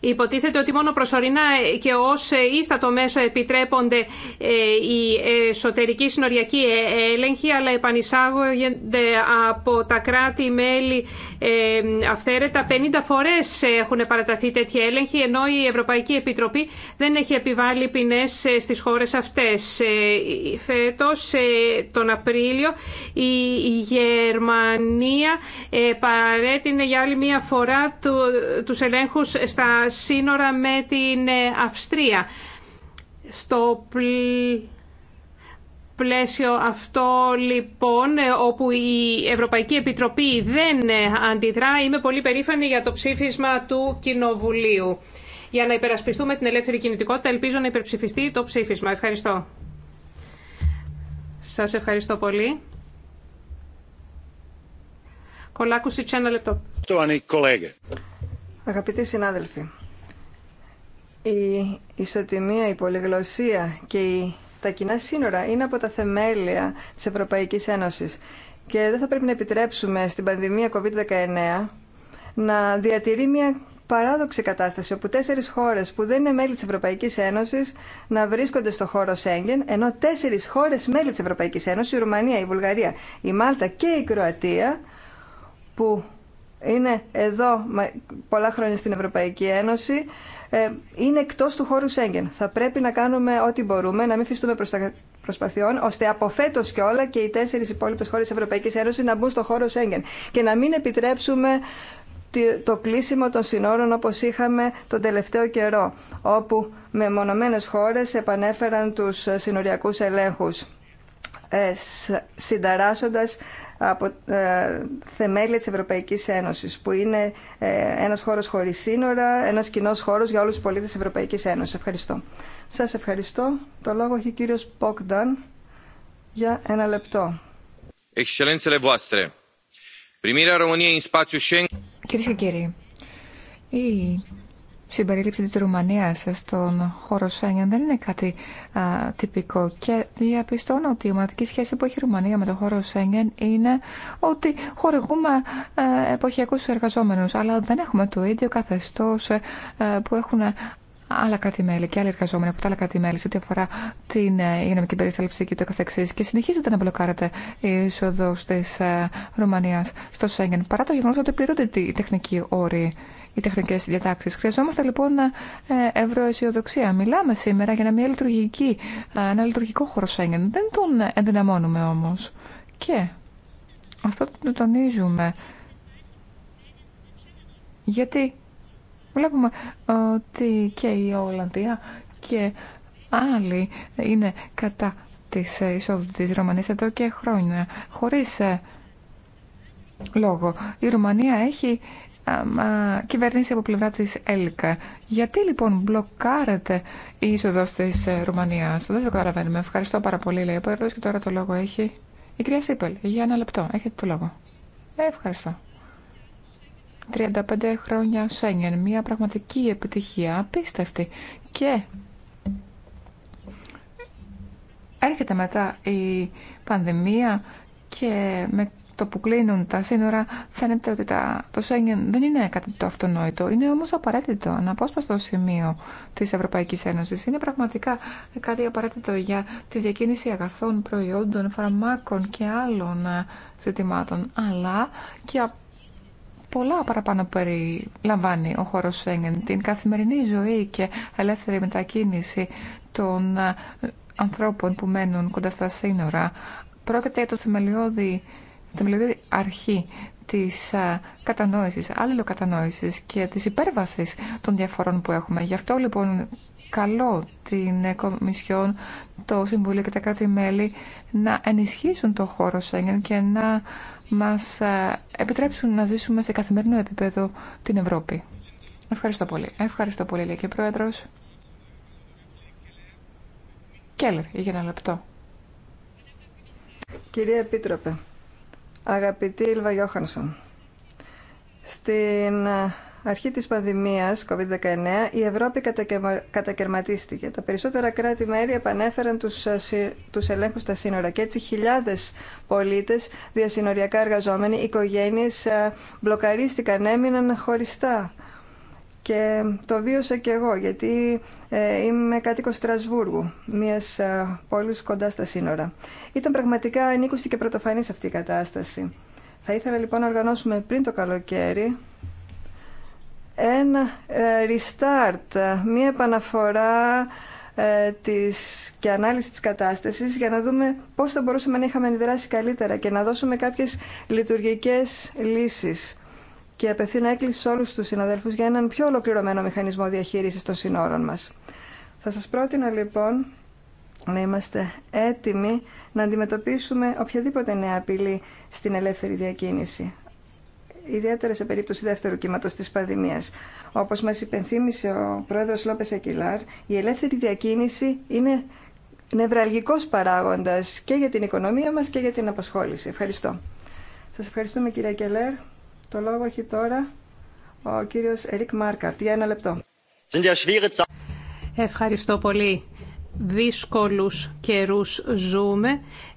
Υποτίθεται ότι μόνο προσωρινά και ως ίστατο μέσο επιτρέπονται ε, οι εσωτερικοί συνοριακοί ε, έλεγχοι, αλλά επανεισάγονται από τα κράτη-μέλη ε, αυθαίρετα. 50 φορές έχουν παραταθεί τέτοιοι έλεγχοι, ενώ η Ευρωπαϊκή Επιτροπή δεν έχει επιβάλει ποινές στι χώρες αυτές. Φέτος, τον Απρίλιο, η Γερμανία παρέτεινε για άλλη μία φορά τους ελέγχους στα σύνορα με την ε, Αυστρία. Στο πλαίσιο αυτό λοιπόν ε, όπου η Ευρωπαϊκή Επιτροπή δεν ε, αντιδρά είμαι πολύ περήφανη για το ψήφισμα του Κοινοβουλίου. Για να υπερασπιστούμε την ελεύθερη κινητικότητα ελπίζω να υπερψηφιστεί το ψήφισμα. Ευχαριστώ. Σας ευχαριστώ πολύ. Κολάκουση, ένα λεπτό. Αγαπητοί συνάδελφοι, η ισοτιμία, η πολυγλωσία και τα κοινά σύνορα είναι από τα θεμέλια της Ευρωπαϊκής Ένωσης και δεν θα πρέπει να επιτρέψουμε στην πανδημία COVID-19 να διατηρεί μια παράδοξη κατάσταση όπου τέσσερις χώρες που δεν είναι μέλη της Ευρωπαϊκής Ένωσης να βρίσκονται στο χώρο Σέγγεν, ενώ τέσσερι χώρες μέλη της Ευρωπαϊκής Ένωσης, η Ρουμανία, η Βουλγαρία, η Μάλτα και η Κροατία, που είναι εδώ πολλά χρόνια στην Ευρωπαϊκή Ένωση, ε, είναι εκτός του χώρου Σέγγεν. Θα πρέπει να κάνουμε ό,τι μπορούμε, να μην φυστούμε προσπαθειών, ώστε από φέτο και όλα και οι τέσσερις υπόλοιπε χώρες της Ευρωπαϊκής Ένωσης να μπουν στο χώρο Σέγγεν και να μην επιτρέψουμε το κλείσιμο των συνόρων όπως είχαμε τον τελευταίο καιρό, όπου με χώρες επανέφεραν τους συνοριακούς ελέγχους ε, συνταράσσοντας από ε, θεμέλια της Ευρωπαϊκής Ένωσης που είναι ε, ένας χώρος χωρίς σύνορα, ένας κοινό χώρος για όλους τους πολίτες της Ευρωπαϊκής Ένωσης. Ευχαριστώ. Σας ευχαριστώ. Το λόγο έχει ο κύριος Πόκνταν για ένα λεπτό. Κυρίε και κύριοι, η συμπερίληψη της Ρουμανίας στον χώρο Σέγγεν δεν είναι κάτι α, τυπικό και διαπιστώνω ότι η μοναδική σχέση που έχει η Ρουμανία με τον χώρο Σέγγεν είναι ότι χορηγούμε ε, εποχιακούς εργαζόμενους αλλά δεν έχουμε το ίδιο καθεστώς ε, που έχουν άλλα κρατημέλη και άλλοι εργαζόμενοι από τα άλλα κρατημέλη σε ό,τι αφορά την ε, υγειονομική περίθαλψη και το καθεξή. Και συνεχίζεται να μπλοκάρεται η είσοδο τη Ρουμανία στο Σέγγεν παρά το γεγονό ότι πληρούνται οι τεχνικοί όροι οι τεχνικές διατάξεις. Χρειαζόμαστε λοιπόν ε, ευρωαισιοδοξία. Μιλάμε σήμερα για μια λειτουργική, ένα λειτουργικό χώρο Σέγγεν. Δεν τον ενδυναμώνουμε όμως. Και αυτό το τονίζουμε. Γιατί βλέπουμε ότι και η Ολλανδία και άλλοι είναι κατά της εισόδου της Ρωμανίας εδώ και χρόνια, χωρίς ε, λόγο. Η Ρουμανία έχει κυβέρνηση από πλευρά της ΕΛΚΑ. Γιατί λοιπόν μπλοκάρετε η είσοδο της ε, Ρουμανίας. Δεν το καταλαβαίνουμε. Ευχαριστώ πάρα πολύ λέει ο Πέρδο, και τώρα το λόγο έχει η κυρία Σίπελ. Για ένα λεπτό. Έχετε το λόγο. Ε, ευχαριστώ. 35 χρόνια Σέγγεν. Μια πραγματική επιτυχία. Απίστευτη. Και έρχεται μετά η πανδημία και με το που κλείνουν τα σύνορα φαίνεται ότι το Σέγγεν δεν είναι κάτι το αυτονόητο. Είναι όμως απαραίτητο, αναπόσπαστο σημείο της Ευρωπαϊκής Ένωσης. Είναι πραγματικά κάτι απαραίτητο για τη διακίνηση αγαθών, προϊόντων, φαρμάκων και άλλων ε, ζητημάτων. Αλλά και πολλά παραπάνω περιλαμβάνει ο χώρος Σέγγεν. Την καθημερινή ζωή και ελεύθερη μετακίνηση των ε, ανθρώπων που μένουν κοντά στα σύνορα. Πρόκειται για το θεμελιώδη Δηλαδή αρχή της κατανόησης, αλληλοκατανόησης και της υπέρβασης των διαφορών που έχουμε. Γι' αυτό λοιπόν καλό την Κομισιόν, το Συμβούλιο και τα κράτη-μέλη να ενισχύσουν το χώρο Σέγγεν και να μας επιτρέψουν να ζήσουμε σε καθημερινό επίπεδο την Ευρώπη. Ευχαριστώ πολύ. Ευχαριστώ πολύ, λέει και Πρόεδρος. Κέλλερ, για ένα λεπτό. Κυρία Επίτροπε, Αγαπητή Ιλβα Γιώχανσον, στην ε, αρχή της πανδημίας COVID-19 η Ευρώπη κατακαιρματίστηκε. Τα περισσότερα κράτη-μέρη επανέφεραν τους, ε, τους ελέγχους στα σύνορα και έτσι χιλιάδες πολίτες, διασυνοριακά εργαζόμενοι, οικογένειες ε, μπλοκαρίστηκαν, έμειναν χωριστά και το βίωσα και εγώ γιατί ε, είμαι κάτοικος Στρασβούργου, μιας ε, πόλης κοντά στα σύνορα. Ήταν πραγματικά ενίκουστη και πρωτοφανής αυτή η κατάσταση. Θα ήθελα λοιπόν να οργανώσουμε πριν το καλοκαίρι ένα ε, restart, μια επαναφορά της και ανάλυση της κατάστασης για να δούμε πώς θα μπορούσαμε να είχαμε αντιδράσει καλύτερα και να δώσουμε κάποιες λειτουργικές λύσεις και απευθύνω έκκληση σε όλου του συναδέλφου για έναν πιο ολοκληρωμένο μηχανισμό διαχείριση των συνόρων μα. Θα σα πρότεινα λοιπόν να είμαστε έτοιμοι να αντιμετωπίσουμε οποιαδήποτε νέα απειλή στην ελεύθερη διακίνηση ιδιαίτερα σε περίπτωση δεύτερου κύματο τη πανδημία. Όπω μα υπενθύμησε ο πρόεδρο Λόπε Ακυλάρ, η ελεύθερη διακίνηση είναι νευραλγικός παράγοντας και για την οικονομία μας και για την απασχόληση. Ευχαριστώ. Σας ευχαριστούμε κυρία Κελέρ. Το λόγο έχει τώρα ο κύριος Ερικ Μάρκαρτ. Για ένα λεπτό. Ευχαριστώ πολύ. Δύσκολους καιρούς ζούμε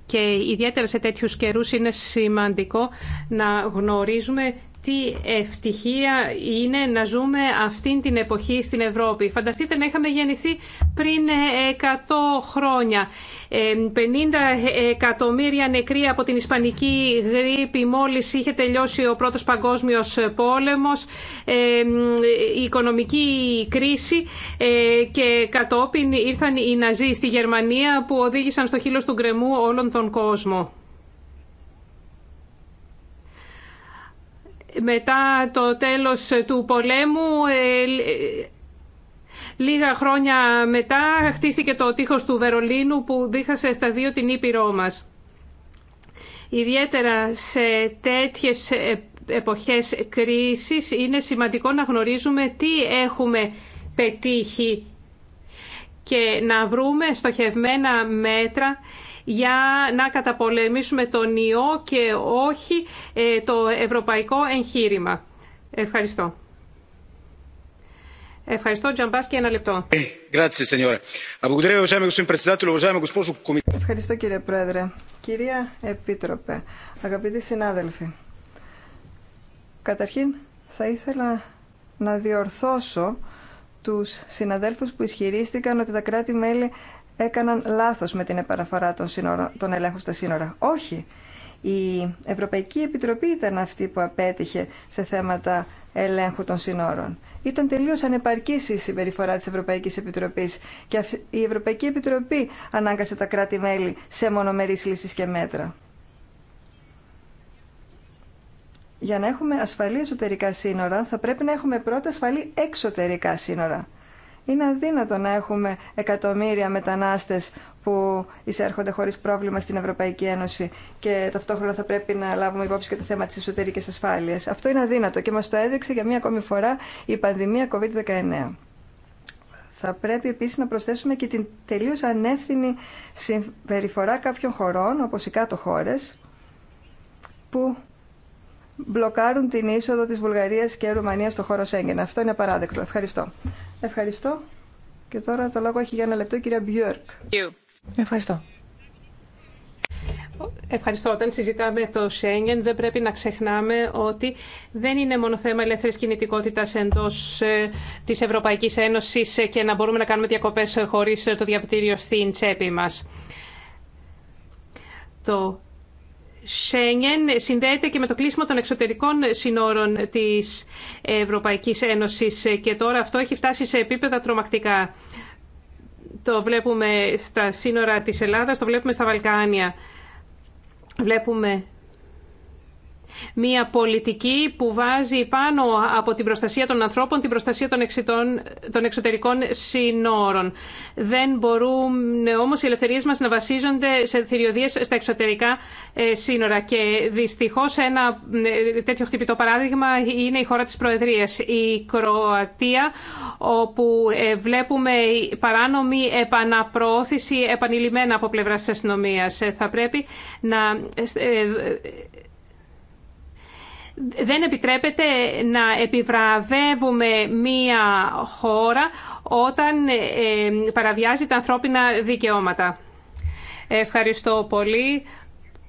και ιδιαίτερα σε τέτοιους καιρούς είναι σημαντικό να γνωρίζουμε τι ευτυχία είναι να ζούμε αυτήν την εποχή στην Ευρώπη. Φανταστείτε να είχαμε γεννηθεί πριν 100 χρόνια. 50 εκατομμύρια νεκροί από την Ισπανική γρήπη μόλις είχε τελειώσει ο Πρώτος Παγκόσμιος Πόλεμος, η οικονομική κρίση ε, και κατόπιν ήρθαν οι Ναζί στη Γερμανία που οδήγησαν στο χείλος του γκρεμού όλον τον κόσμο. μετά το τέλος του πολέμου ε, ε, Λίγα χρόνια μετά χτίστηκε το τείχος του Βερολίνου που δίχασε στα δύο την Ήπειρό μας. Ιδιαίτερα σε τέτοιες ε, εποχές κρίσης είναι σημαντικό να γνωρίζουμε τι έχουμε πετύχει και να βρούμε στοχευμένα μέτρα για να καταπολεμήσουμε τον ιό και όχι ε, το ευρωπαϊκό εγχείρημα. Ευχαριστώ. Ευχαριστώ, Τζαμπάς, και ένα λεπτό. Ε, Ευχαριστώ, κύριε Πρόεδρε. Κυρία Επίτροπε, αγαπητοί συνάδελφοι, καταρχήν θα ήθελα να διορθώσω τους συναδέλφους που ισχυρίστηκαν ότι τα κράτη-μέλη έκαναν λάθος με την επαναφορά των, σύνορων, των ελέγχων στα σύνορα. Όχι. Η Ευρωπαϊκή Επιτροπή ήταν αυτή που απέτυχε σε θέματα ελέγχου των σύνορων. Ήταν τελείω ανεπαρκή η συμπεριφορά τη Ευρωπαϊκή Επιτροπή και η Ευρωπαϊκή Επιτροπή ανάγκασε τα κράτη-μέλη σε μονομερεί λύσει και μέτρα. Για να έχουμε ασφαλή εσωτερικά σύνορα, θα πρέπει να έχουμε πρώτα ασφαλή εξωτερικά σύνορα. Είναι αδύνατο να έχουμε εκατομμύρια μετανάστες που εισέρχονται χωρίς πρόβλημα στην Ευρωπαϊκή Ένωση και ταυτόχρονα θα πρέπει να λάβουμε υπόψη και το θέμα της εσωτερικής ασφάλειας. Αυτό είναι αδύνατο και μας το έδειξε για μία ακόμη φορά η πανδημία COVID-19. Θα πρέπει επίση να προσθέσουμε και την τελείω ανεύθυνη συμπεριφορά κάποιων χωρών, όπω οι κάτω χώρε, που μπλοκάρουν την είσοδο τη Βουλγαρίας και Ρουμανία στο χώρο Σέγγεν. Αυτό είναι απαράδεκτο. Ευχαριστώ. Ευχαριστώ. Και τώρα το λόγο έχει για ένα λεπτό η κυρία Μπιόρκ. Ευχαριστώ. Ευχαριστώ. Όταν συζητάμε το Σέγγεν δεν πρέπει να ξεχνάμε ότι δεν είναι μόνο θέμα ελεύθερης κινητικότητας εντός ε, της Ευρωπαϊκής Ένωσης ε, και να μπορούμε να κάνουμε διακοπές ε, χωρίς το διαβατήριο στην τσέπη μας. Το Σέγγεν συνδέεται και με το κλείσιμο των εξωτερικών συνόρων της Ευρωπαϊκής Ένωσης και τώρα αυτό έχει φτάσει σε επίπεδα τρομακτικά. Το βλέπουμε στα σύνορα της Ελλάδας, το βλέπουμε στα Βαλκάνια. Βλέπουμε μια πολιτική που βάζει πάνω από την προστασία των ανθρώπων την προστασία των, των εξωτερικών συνόρων. Δεν μπορούν ναι, όμως οι ελευθερίες μας να βασίζονται σε θηριωδίες στα εξωτερικά ε, σύνορα. Και δυστυχώς ένα ε, τέτοιο χτυπητό παράδειγμα είναι η χώρα της Προεδρίας, η Κροατία, όπου ε, βλέπουμε παράνομη επαναπρόθεση επανειλημμένα από πλευράς της αστυνομίας. Θα πρέπει να δεν επιτρέπεται να επιβραβεύουμε μία χώρα όταν ε, παραβιάζει τα ανθρώπινα δικαιώματα. Ευχαριστώ πολύ.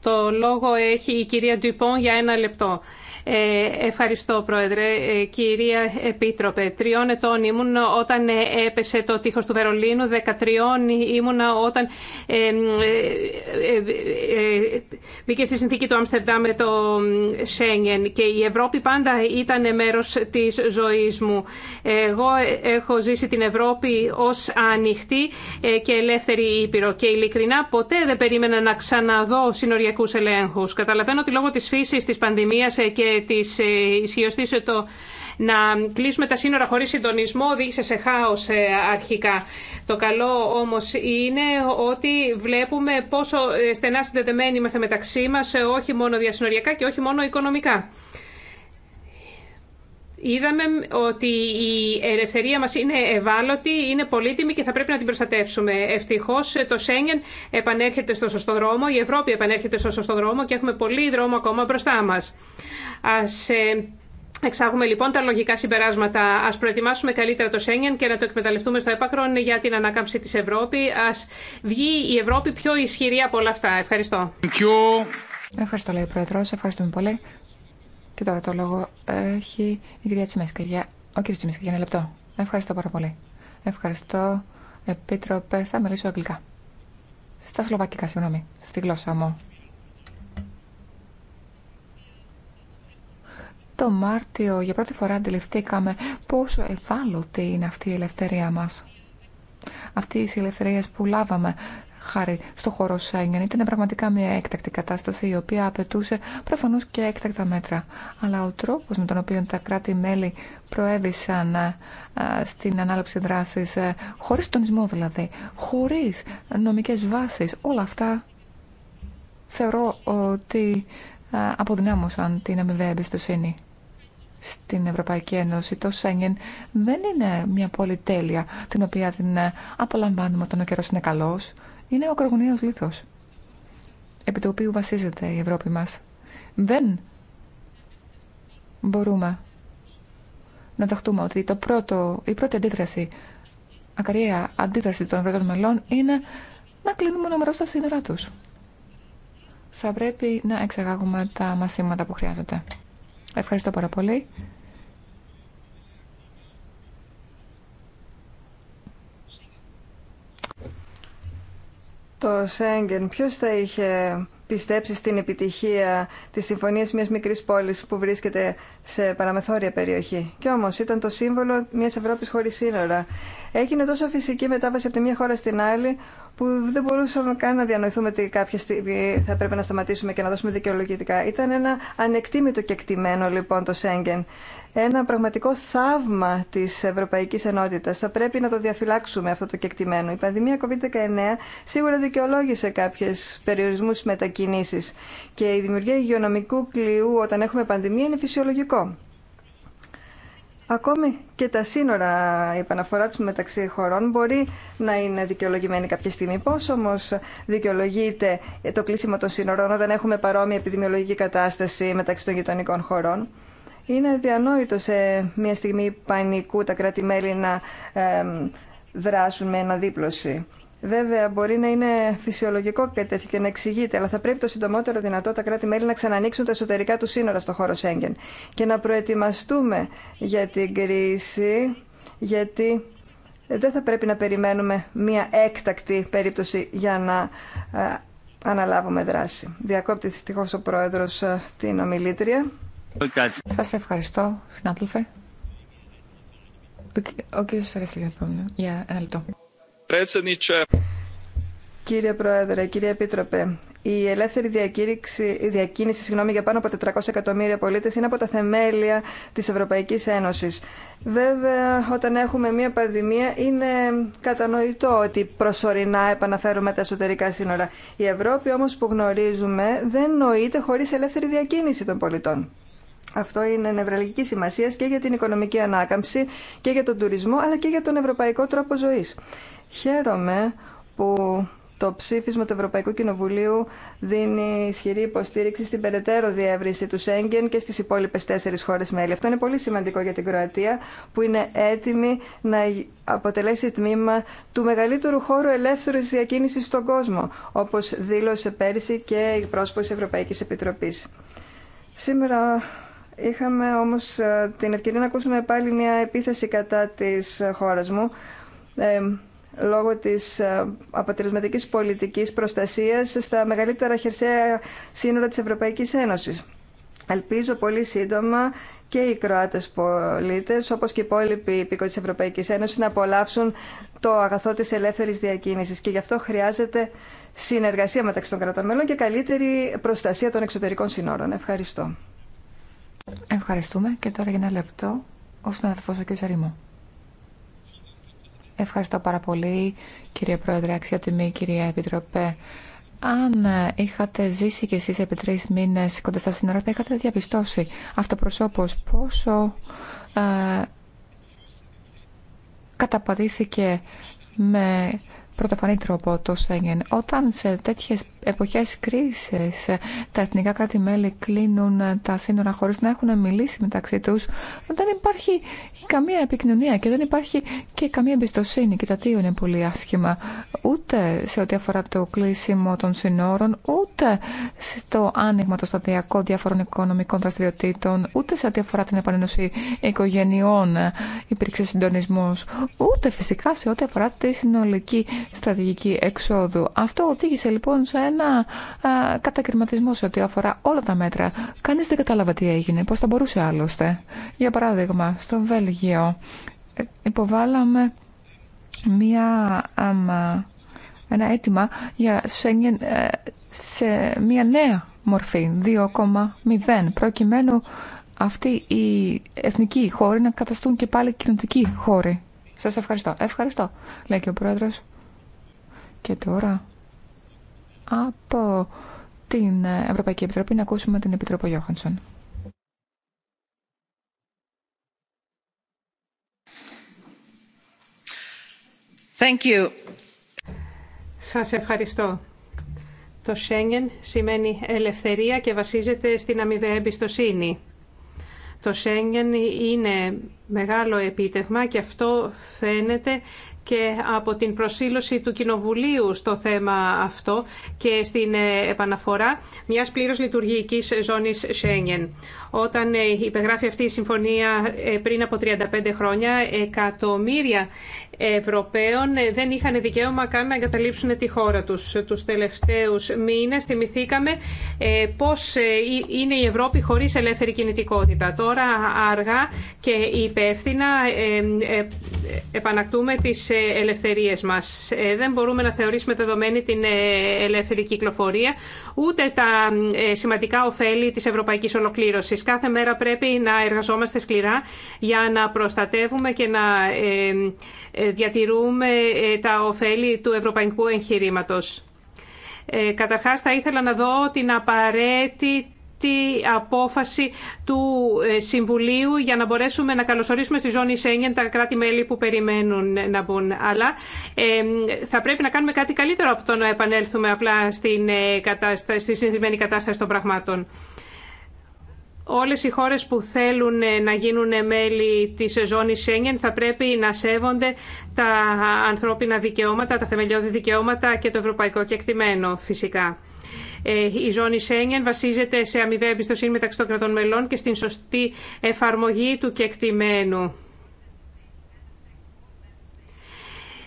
Το λόγο έχει η κυρία Ντουιπών για ένα λεπτό. Ε, ευχαριστώ, Πρόεδρε. Ε, κυρία Επίτροπε, τριών ετών ήμουν όταν έπεσε το τείχος του Βερολίνου, δεκατριών ήμουν όταν ε, μπήκε στη συνθήκη του Άμστερντα με το Σέγγεν και η Ευρώπη πάντα ήταν μέρος της ζωής μου. Εγώ έχω ζήσει την Ευρώπη ως ανοιχτή και ελεύθερη ήπειρο και ειλικρινά ποτέ δεν περίμενα να ξαναδώ συνοριακούς ελέγχους. Καταλαβαίνω ότι λόγω της φύσης της πανδημίας και Τη ε, ισχυωστής ε, το να κλείσουμε τα σύνορα χωρί συντονισμό οδήγησε σε χάο ε, αρχικά. Το καλό όμω είναι ότι βλέπουμε πόσο στενά συνδεδεμένοι είμαστε μεταξύ μα, όχι μόνο διασυνοριακά και όχι μόνο οικονομικά. Είδαμε ότι η ελευθερία μας είναι ευάλωτη, είναι πολύτιμη και θα πρέπει να την προστατεύσουμε. Ευτυχώς το Σέγγεν επανέρχεται στο σωστό δρόμο, η Ευρώπη επανέρχεται στο σωστό δρόμο και έχουμε πολύ δρόμο ακόμα μπροστά μας. Ας ε, Εξάγουμε λοιπόν τα λογικά συμπεράσματα. Α προετοιμάσουμε καλύτερα το Σέγγεν και να το εκμεταλλευτούμε στο έπακρον για την ανάκαμψη τη Ευρώπη. Α βγει η Ευρώπη πιο ισχυρή από όλα αυτά. Ευχαριστώ. Ευχαριστώ, λέει ο Πρόεδρο. Ευχαριστούμε πολύ. Και τώρα το λόγο έχει η κυρία Τσιμέσκα. Για... Ο κύριο Τσιμέσκα, για ένα λεπτό. Ευχαριστώ πάρα πολύ. Ευχαριστώ, Επίτροπε. Θα μιλήσω αγγλικά. Στα σλοβακικά, συγγνώμη. Στη γλώσσα μου. Το Μάρτιο για πρώτη φορά αντιληφθήκαμε πόσο ευάλωτη είναι αυτή η ελευθερία μας. Αυτή η ελευθερία που λάβαμε χάρη στο χώρο Σέγγεν ήταν πραγματικά μια έκτακτη κατάσταση η οποία απαιτούσε προφανώς και έκτακτα μέτρα. Αλλά ο τρόπος με τον οποίο τα κράτη-μέλη προέβησαν ε, στην ανάλυση δράσης, ε, χωρίς τονισμό δηλαδή, χωρίς νομικές βάσεις, όλα αυτά θεωρώ ότι ε, αποδυνάμωσαν την αμοιβαία εμπιστοσύνη στην Ευρωπαϊκή Ένωση. Το Σέγγεν δεν είναι μια πολυτέλεια την οποία την ε, απολαμβάνουμε όταν ο καιρό είναι καλό. Είναι ο ακρογωνίος λίθος επί του οποίου βασίζεται η Ευρώπη μας. Δεν μπορούμε να δεχτούμε ότι το πρώτο, η πρώτη αντίδραση, ακαρία αντίδραση των ευρωπαϊκών μελών είναι να κλείνουμε νούμερο στα σύνορά του. Θα πρέπει να εξαγάγουμε τα μαθήματα που χρειάζεται. Ευχαριστώ πάρα πολύ. Το Σέγγεν, ποιος θα είχε πιστέψει στην επιτυχία της συμφωνίας μιας μικρής πόλης που βρίσκεται σε παραμεθόρια περιοχή. Κι όμως ήταν το σύμβολο μιας Ευρώπης χωρίς σύνορα. Έγινε τόσο φυσική μετάβαση από τη μία χώρα στην άλλη που δεν μπορούσαμε καν να διανοηθούμε ότι κάποια στιγμή θα πρέπει να σταματήσουμε και να δώσουμε δικαιολογητικά. Ήταν ένα ανεκτήμητο κεκτημένο λοιπόν το Σέγγεν. Ένα πραγματικό θαύμα τη Ευρωπαϊκή Ενότητα. Θα πρέπει να το διαφυλάξουμε αυτό το κεκτημένο. Η πανδημία COVID-19 σίγουρα δικαιολόγησε κάποιε περιορισμού μετακινήσει. Και η δημιουργία υγειονομικού κλειού όταν έχουμε πανδημία είναι φυσιολογικό. Ακόμη και τα σύνορα, η επαναφορά του μεταξύ χωρών μπορεί να είναι δικαιολογημένη κάποια στιγμή. Πώ όμω δικαιολογείται το κλείσιμο των σύνορων όταν έχουμε παρόμοια επιδημιολογική κατάσταση μεταξύ των γειτονικών χωρών. Είναι διανόητο σε μια στιγμή πανικού τα κράτη-μέλη να δράσουν με αναδίπλωση. Βέβαια, μπορεί να είναι φυσιολογικό κάτι και να εξηγείται, αλλά θα πρέπει το συντομότερο δυνατό τα κράτη-μέλη να ξανανοίξουν τα εσωτερικά του σύνορα στο χώρο Σέγγεν και να προετοιμαστούμε για την κρίση, γιατί δεν θα πρέπει να περιμένουμε μία έκτακτη περίπτωση για να ε, αναλάβουμε δράση. Διακόπτη δυστυχώ ο πρόεδρο ε, την ομιλήτρια. Σα ευχαριστώ, συνάδελφε. Ο κ. για ένα λεπτό. Κύριε Πρόεδρε, κύριε Επίτροπε, η ελεύθερη διακίνηση για πάνω από 400 εκατομμύρια πολίτες είναι από τα θεμέλια της Ευρωπαϊκής Ένωσης. Βέβαια, όταν έχουμε μια πανδημία είναι κατανοητό ότι προσωρινά επαναφέρουμε τα εσωτερικά σύνορα. Η Ευρώπη όμως που γνωρίζουμε δεν νοείται χωρίς ελεύθερη διακίνηση των πολιτών. Αυτό είναι νευραλική σημασία και για την οικονομική ανάκαμψη και για τον τουρισμό αλλά και για τον ευρωπαϊκό τρόπο ζωή. Χαίρομαι που το ψήφισμα του Ευρωπαϊκού Κοινοβουλίου δίνει ισχυρή υποστήριξη στην περαιτέρω διεύρυνση του Σέγγεν και στι υπόλοιπε τέσσερι χώρε μέλη. Αυτό είναι πολύ σημαντικό για την Κροατία, που είναι έτοιμη να αποτελέσει τμήμα του μεγαλύτερου χώρου ελεύθερη διακίνηση στον κόσμο, όπω δήλωσε πέρυσι και η πρόσωπο τη Ευρωπαϊκή Επιτροπή. Σήμερα είχαμε όμω ε, την ευκαιρία να ακούσουμε πάλι μια επίθεση κατά τη ε, χώρα μου ε, λόγω της ε, αποτελεσματικής πολιτικής προστασίας στα μεγαλύτερα χερσαία σύνορα της Ευρωπαϊκής Ένωσης. Ελπίζω πολύ σύντομα και οι Κροάτες πολίτες, όπως και οι υπόλοιποι υπήκοοι της Ευρωπαϊκής Ένωσης, να απολαύσουν το αγαθό της ελεύθερης διακίνησης και γι' αυτό χρειάζεται συνεργασία μεταξύ των κρατών μέλων και καλύτερη προστασία των εξωτερικών συνόρων. Ευχαριστώ. Ευχαριστούμε και τώρα για ένα λεπτό ο συνάδελφος ο κ. Ευχαριστώ πάρα πολύ, κύριε Πρόεδρε, αξιότιμη κυρία Επιτροπέ. Αν ε, είχατε ζήσει κι εσείς επί τρεις μήνες κοντά στα σύνορα, θα είχατε διαπιστώσει αυτοπροσώπως πόσο ε, καταπατήθηκε με πρωτοφανή τρόπο το Σέγγεν. Όταν σε τέτοιες εποχές κρίσης τα εθνικά κράτη-μέλη κλείνουν τα σύνορα χωρίς να έχουν μιλήσει μεταξύ τους δεν υπάρχει καμία επικοινωνία και δεν υπάρχει και καμία εμπιστοσύνη και τα δύο είναι πολύ άσχημα ούτε σε ό,τι αφορά το κλείσιμο των σύνορων ούτε στο άνοιγμα το σταδιακό διαφορών οικονομικών δραστηριοτήτων ούτε σε ό,τι αφορά την επανένωση οικογενειών υπήρξε συντονισμό, ούτε φυσικά σε ό,τι αφορά τη συνολική στρατηγική εξόδου. Αυτό οδήγησε λοιπόν ένα κατακριματισμό σε ό,τι αφορά όλα τα μέτρα. Κανείς δεν κατάλαβα τι έγινε, πώς θα μπορούσε άλλωστε. Για παράδειγμα, στο Βέλγιο ε, υποβάλαμε μια, ένα αίτημα για ε, σε μια νέα μορφή 2,0 προκειμένου αυτοί οι εθνικοί χώροι να καταστούν και πάλι κοινωτικοί χώροι. Σας ευχαριστώ. Ευχαριστώ, λέει και ο πρόεδρος. Και τώρα από την Ευρωπαϊκή Επιτροπή να ακούσουμε την Επιτροπή Γιώχανσον. Thank you. Σας ευχαριστώ. Το Σέγγεν σημαίνει ελευθερία και βασίζεται στην αμοιβαία εμπιστοσύνη. Το Σέγγεν είναι μεγάλο επίτευγμα και αυτό φαίνεται και από την προσήλωση του Κοινοβουλίου στο θέμα αυτό και στην ε, επαναφορά μιας πλήρως λειτουργικής ζώνης Σέγγεν. Όταν ε, υπεγράφει αυτή η συμφωνία ε, πριν από 35 χρόνια, εκατομμύρια Ευρωπαίων ε, δεν είχαν δικαίωμα καν να εγκαταλείψουν τη χώρα τους. Τους τελευταίους μήνες θυμηθήκαμε ε, πώς ε, είναι η Ευρώπη χωρίς ελεύθερη κινητικότητα. Τώρα αργά και υπεύθυνα επανακτούμε τις ελευθερίες μας. Δεν μπορούμε να θεωρήσουμε δεδομένη την ελεύθερη κυκλοφορία, ούτε τα σημαντικά ωφέλη της ευρωπαϊκής ολοκλήρωσης. Κάθε μέρα πρέπει να εργαζόμαστε σκληρά για να προστατεύουμε και να διατηρούμε ε, τα ωφέλη του ευρωπαϊκού εγχειρήματος. Ε, καταρχάς, θα ήθελα να δω την απαραίτητη τη απόφαση του ε, Συμβουλίου για να μπορέσουμε να καλωσορίσουμε στη ζώνη Σέγγεν τα κράτη-μέλη που περιμένουν να μπουν. Αλλά θα πρέπει να κάνουμε κάτι καλύτερο από το να επανέλθουμε απλά στην, ε, στη συνηθισμένη κατάσταση των πραγμάτων όλες οι χώρες που θέλουν ε, να γίνουν μέλη της ζώνης Σέγγεν θα πρέπει να σέβονται τα ανθρώπινα δικαιώματα, τα θεμελιώδη δικαιώματα και το ευρωπαϊκό κεκτημένο φυσικά. Ε, η ζώνη Σέγγεν βασίζεται σε αμοιβαία εμπιστοσύνη μεταξύ των κρατών μελών και στην σωστή εφαρμογή του κεκτημένου.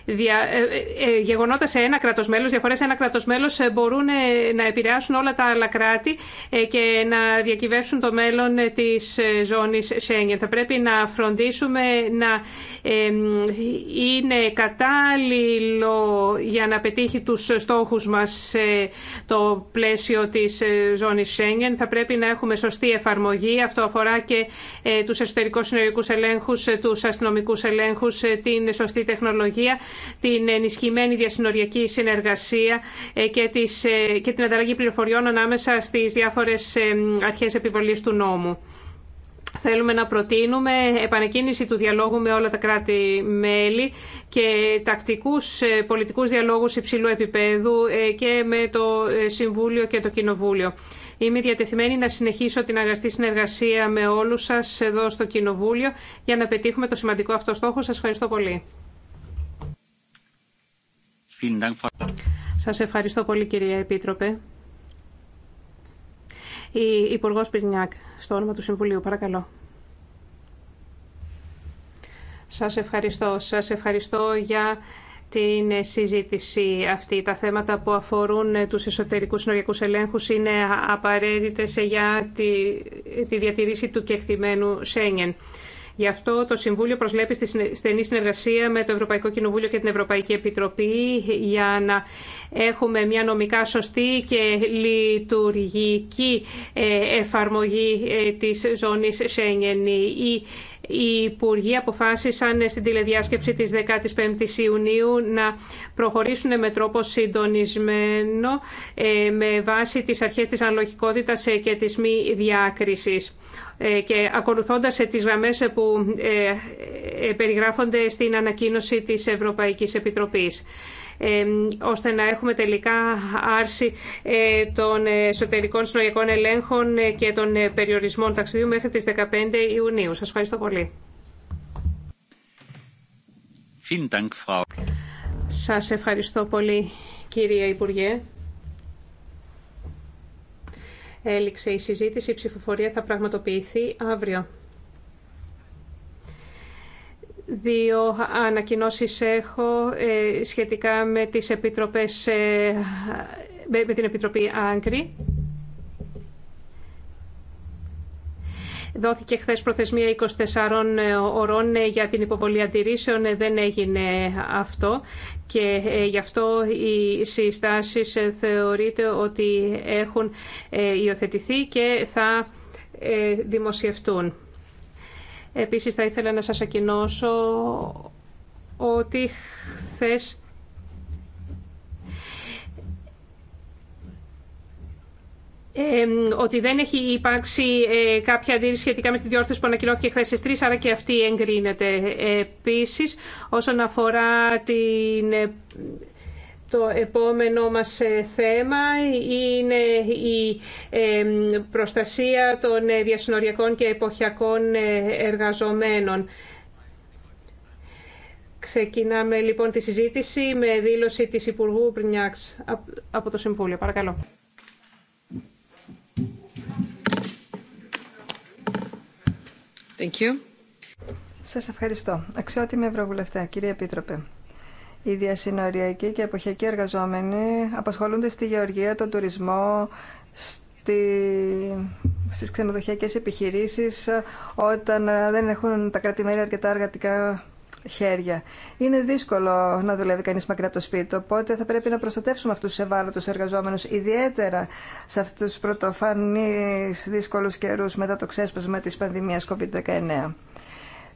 Ε, ε, ε, γεγονότα σε ένα κράτος μέλος, ένα μπορούν να επηρεάσουν όλα τα άλλα κράτη και να διακυβεύσουν το μέλλον της ζώνης Σέγγεν. Θα πρέπει να φροντίσουμε να είναι κατάλληλο για να πετύχει τους στόχους μας το πλαίσιο της ζώνη Σέγγεν. Θα πρέπει να έχουμε σωστή εφαρμογή. Αυτό αφορά και τους εσωτερικού συνολικούς ελέγχους, τους αστυνομικούς ελέγχους, την σωστή τεχνολογία την ενισχυμένη διασυνοριακή συνεργασία ε, και, τις, ε, και την ανταλλαγή πληροφοριών ανάμεσα στις διάφορες ε, αρχές επιβολής του νόμου. Θέλουμε να προτείνουμε επανεκκίνηση του διαλόγου με όλα τα κράτη-μέλη και τακτικούς πολιτικούς διαλόγους υψηλού επίπεδου και με το Συμβούλιο και το Κοινοβούλιο. Είμαι διατεθειμένη να συνεχίσω την αγαστή συνεργασία με όλους σας εδώ στο Κοινοβούλιο για να πετύχουμε το σημαντικό αυτό στόχο. Σας ευχαριστώ πολύ. Σας ευχαριστώ πολύ κυρία Επίτροπε. Η Υπουργό Πυρνιάκ, στο όνομα του Συμβουλίου, παρακαλώ. Σας ευχαριστώ. Σας ευχαριστώ για την συζήτηση αυτή. Τα θέματα που αφορούν τους εσωτερικούς συνοριακούς ελέγχους είναι απαραίτητες για τη, τη διατηρήση του κεκτημένου Σέγγεν. Γι' αυτό το Συμβούλιο προσλέπει στη στενή συνεργασία με το Ευρωπαϊκό Κοινοβούλιο και την Ευρωπαϊκή Επιτροπή για να έχουμε μια νομικά σωστή και λειτουργική ε, εφαρμογή ε, της ζώνης Σέγγενη οι Υπουργοί αποφάσισαν στην τηλεδιάσκεψη της 15ης Ιουνίου να προχωρήσουν με τρόπο συντονισμένο ε, με βάση τις αρχές της αναλογικότητα ε, και της μη διάκρισης ε, και ακολουθώντας τις γραμμές που περιγράφονται στην ανακοίνωση της Ευρωπαϊκής Επιτροπής ώστε να έχουμε τελικά άρση ε, των εσωτερικών συνολικών ελέγχων ε, και των ε, περιορισμών ταξιδιού μέχρι τις 15 Ιουνίου. Σας ευχαριστώ πολύ. Σας ευχαριστώ πολύ κύριε Υπουργέ. Έληξε η συζήτηση. Η ψηφοφορία θα πραγματοποιηθεί αύριο. Δύο ανακοινώσεις έχω ε, σχετικά με, τις επιτροπές, ε, την Επιτροπή Άγκρη. Δόθηκε χθε προθεσμία 24 ε, ωρών για την υποβολή αντιρρήσεων. Δεν έγινε αυτό και γι' αυτό οι συστάσεις θεωρείται ότι έχουν υιοθετηθεί και θα δημοσιευτούν. Επίσης θα ήθελα να σας ακοινώσω ότι χθε. ότι δεν έχει υπάρξει ε, κάποια αντίρρηση σχετικά με τη διόρθωση που ανακοινώθηκε χθε στι 3, άρα και αυτή εγκρίνεται. Επίση, όσον αφορά την ε, το επόμενο μας ε, θέμα είναι η ε, προστασία των ε, διασυνοριακών και εποχιακών εργαζομένων. Ξεκινάμε λοιπόν τη συζήτηση με δήλωση της Υπουργού Πρινιάξ από το Συμβούλιο. Παρακαλώ. Thank you. Σας ευχαριστώ. Αξιότιμη Ευρωβουλευτέ, κύριε Επίτροπε. Οι διασυνοριακοί και εποχιακοί εργαζόμενοι απασχολούνται στη γεωργία, τον τουρισμό, στη... στις ξενοδοχειακές επιχειρήσεις όταν ε, δεν έχουν τα κρατημέρια αρκετά εργατικά χέρια. Είναι δύσκολο να δουλεύει κανείς μακριά από το σπίτι, οπότε θα πρέπει να προστατεύσουμε αυτούς του ευάλωτους εργαζόμενους ιδιαίτερα σε αυτούς τους πρωτοφανεί δύσκολους καιρού μετά το ξέσπασμα τη πανδημιας covid COVID-19.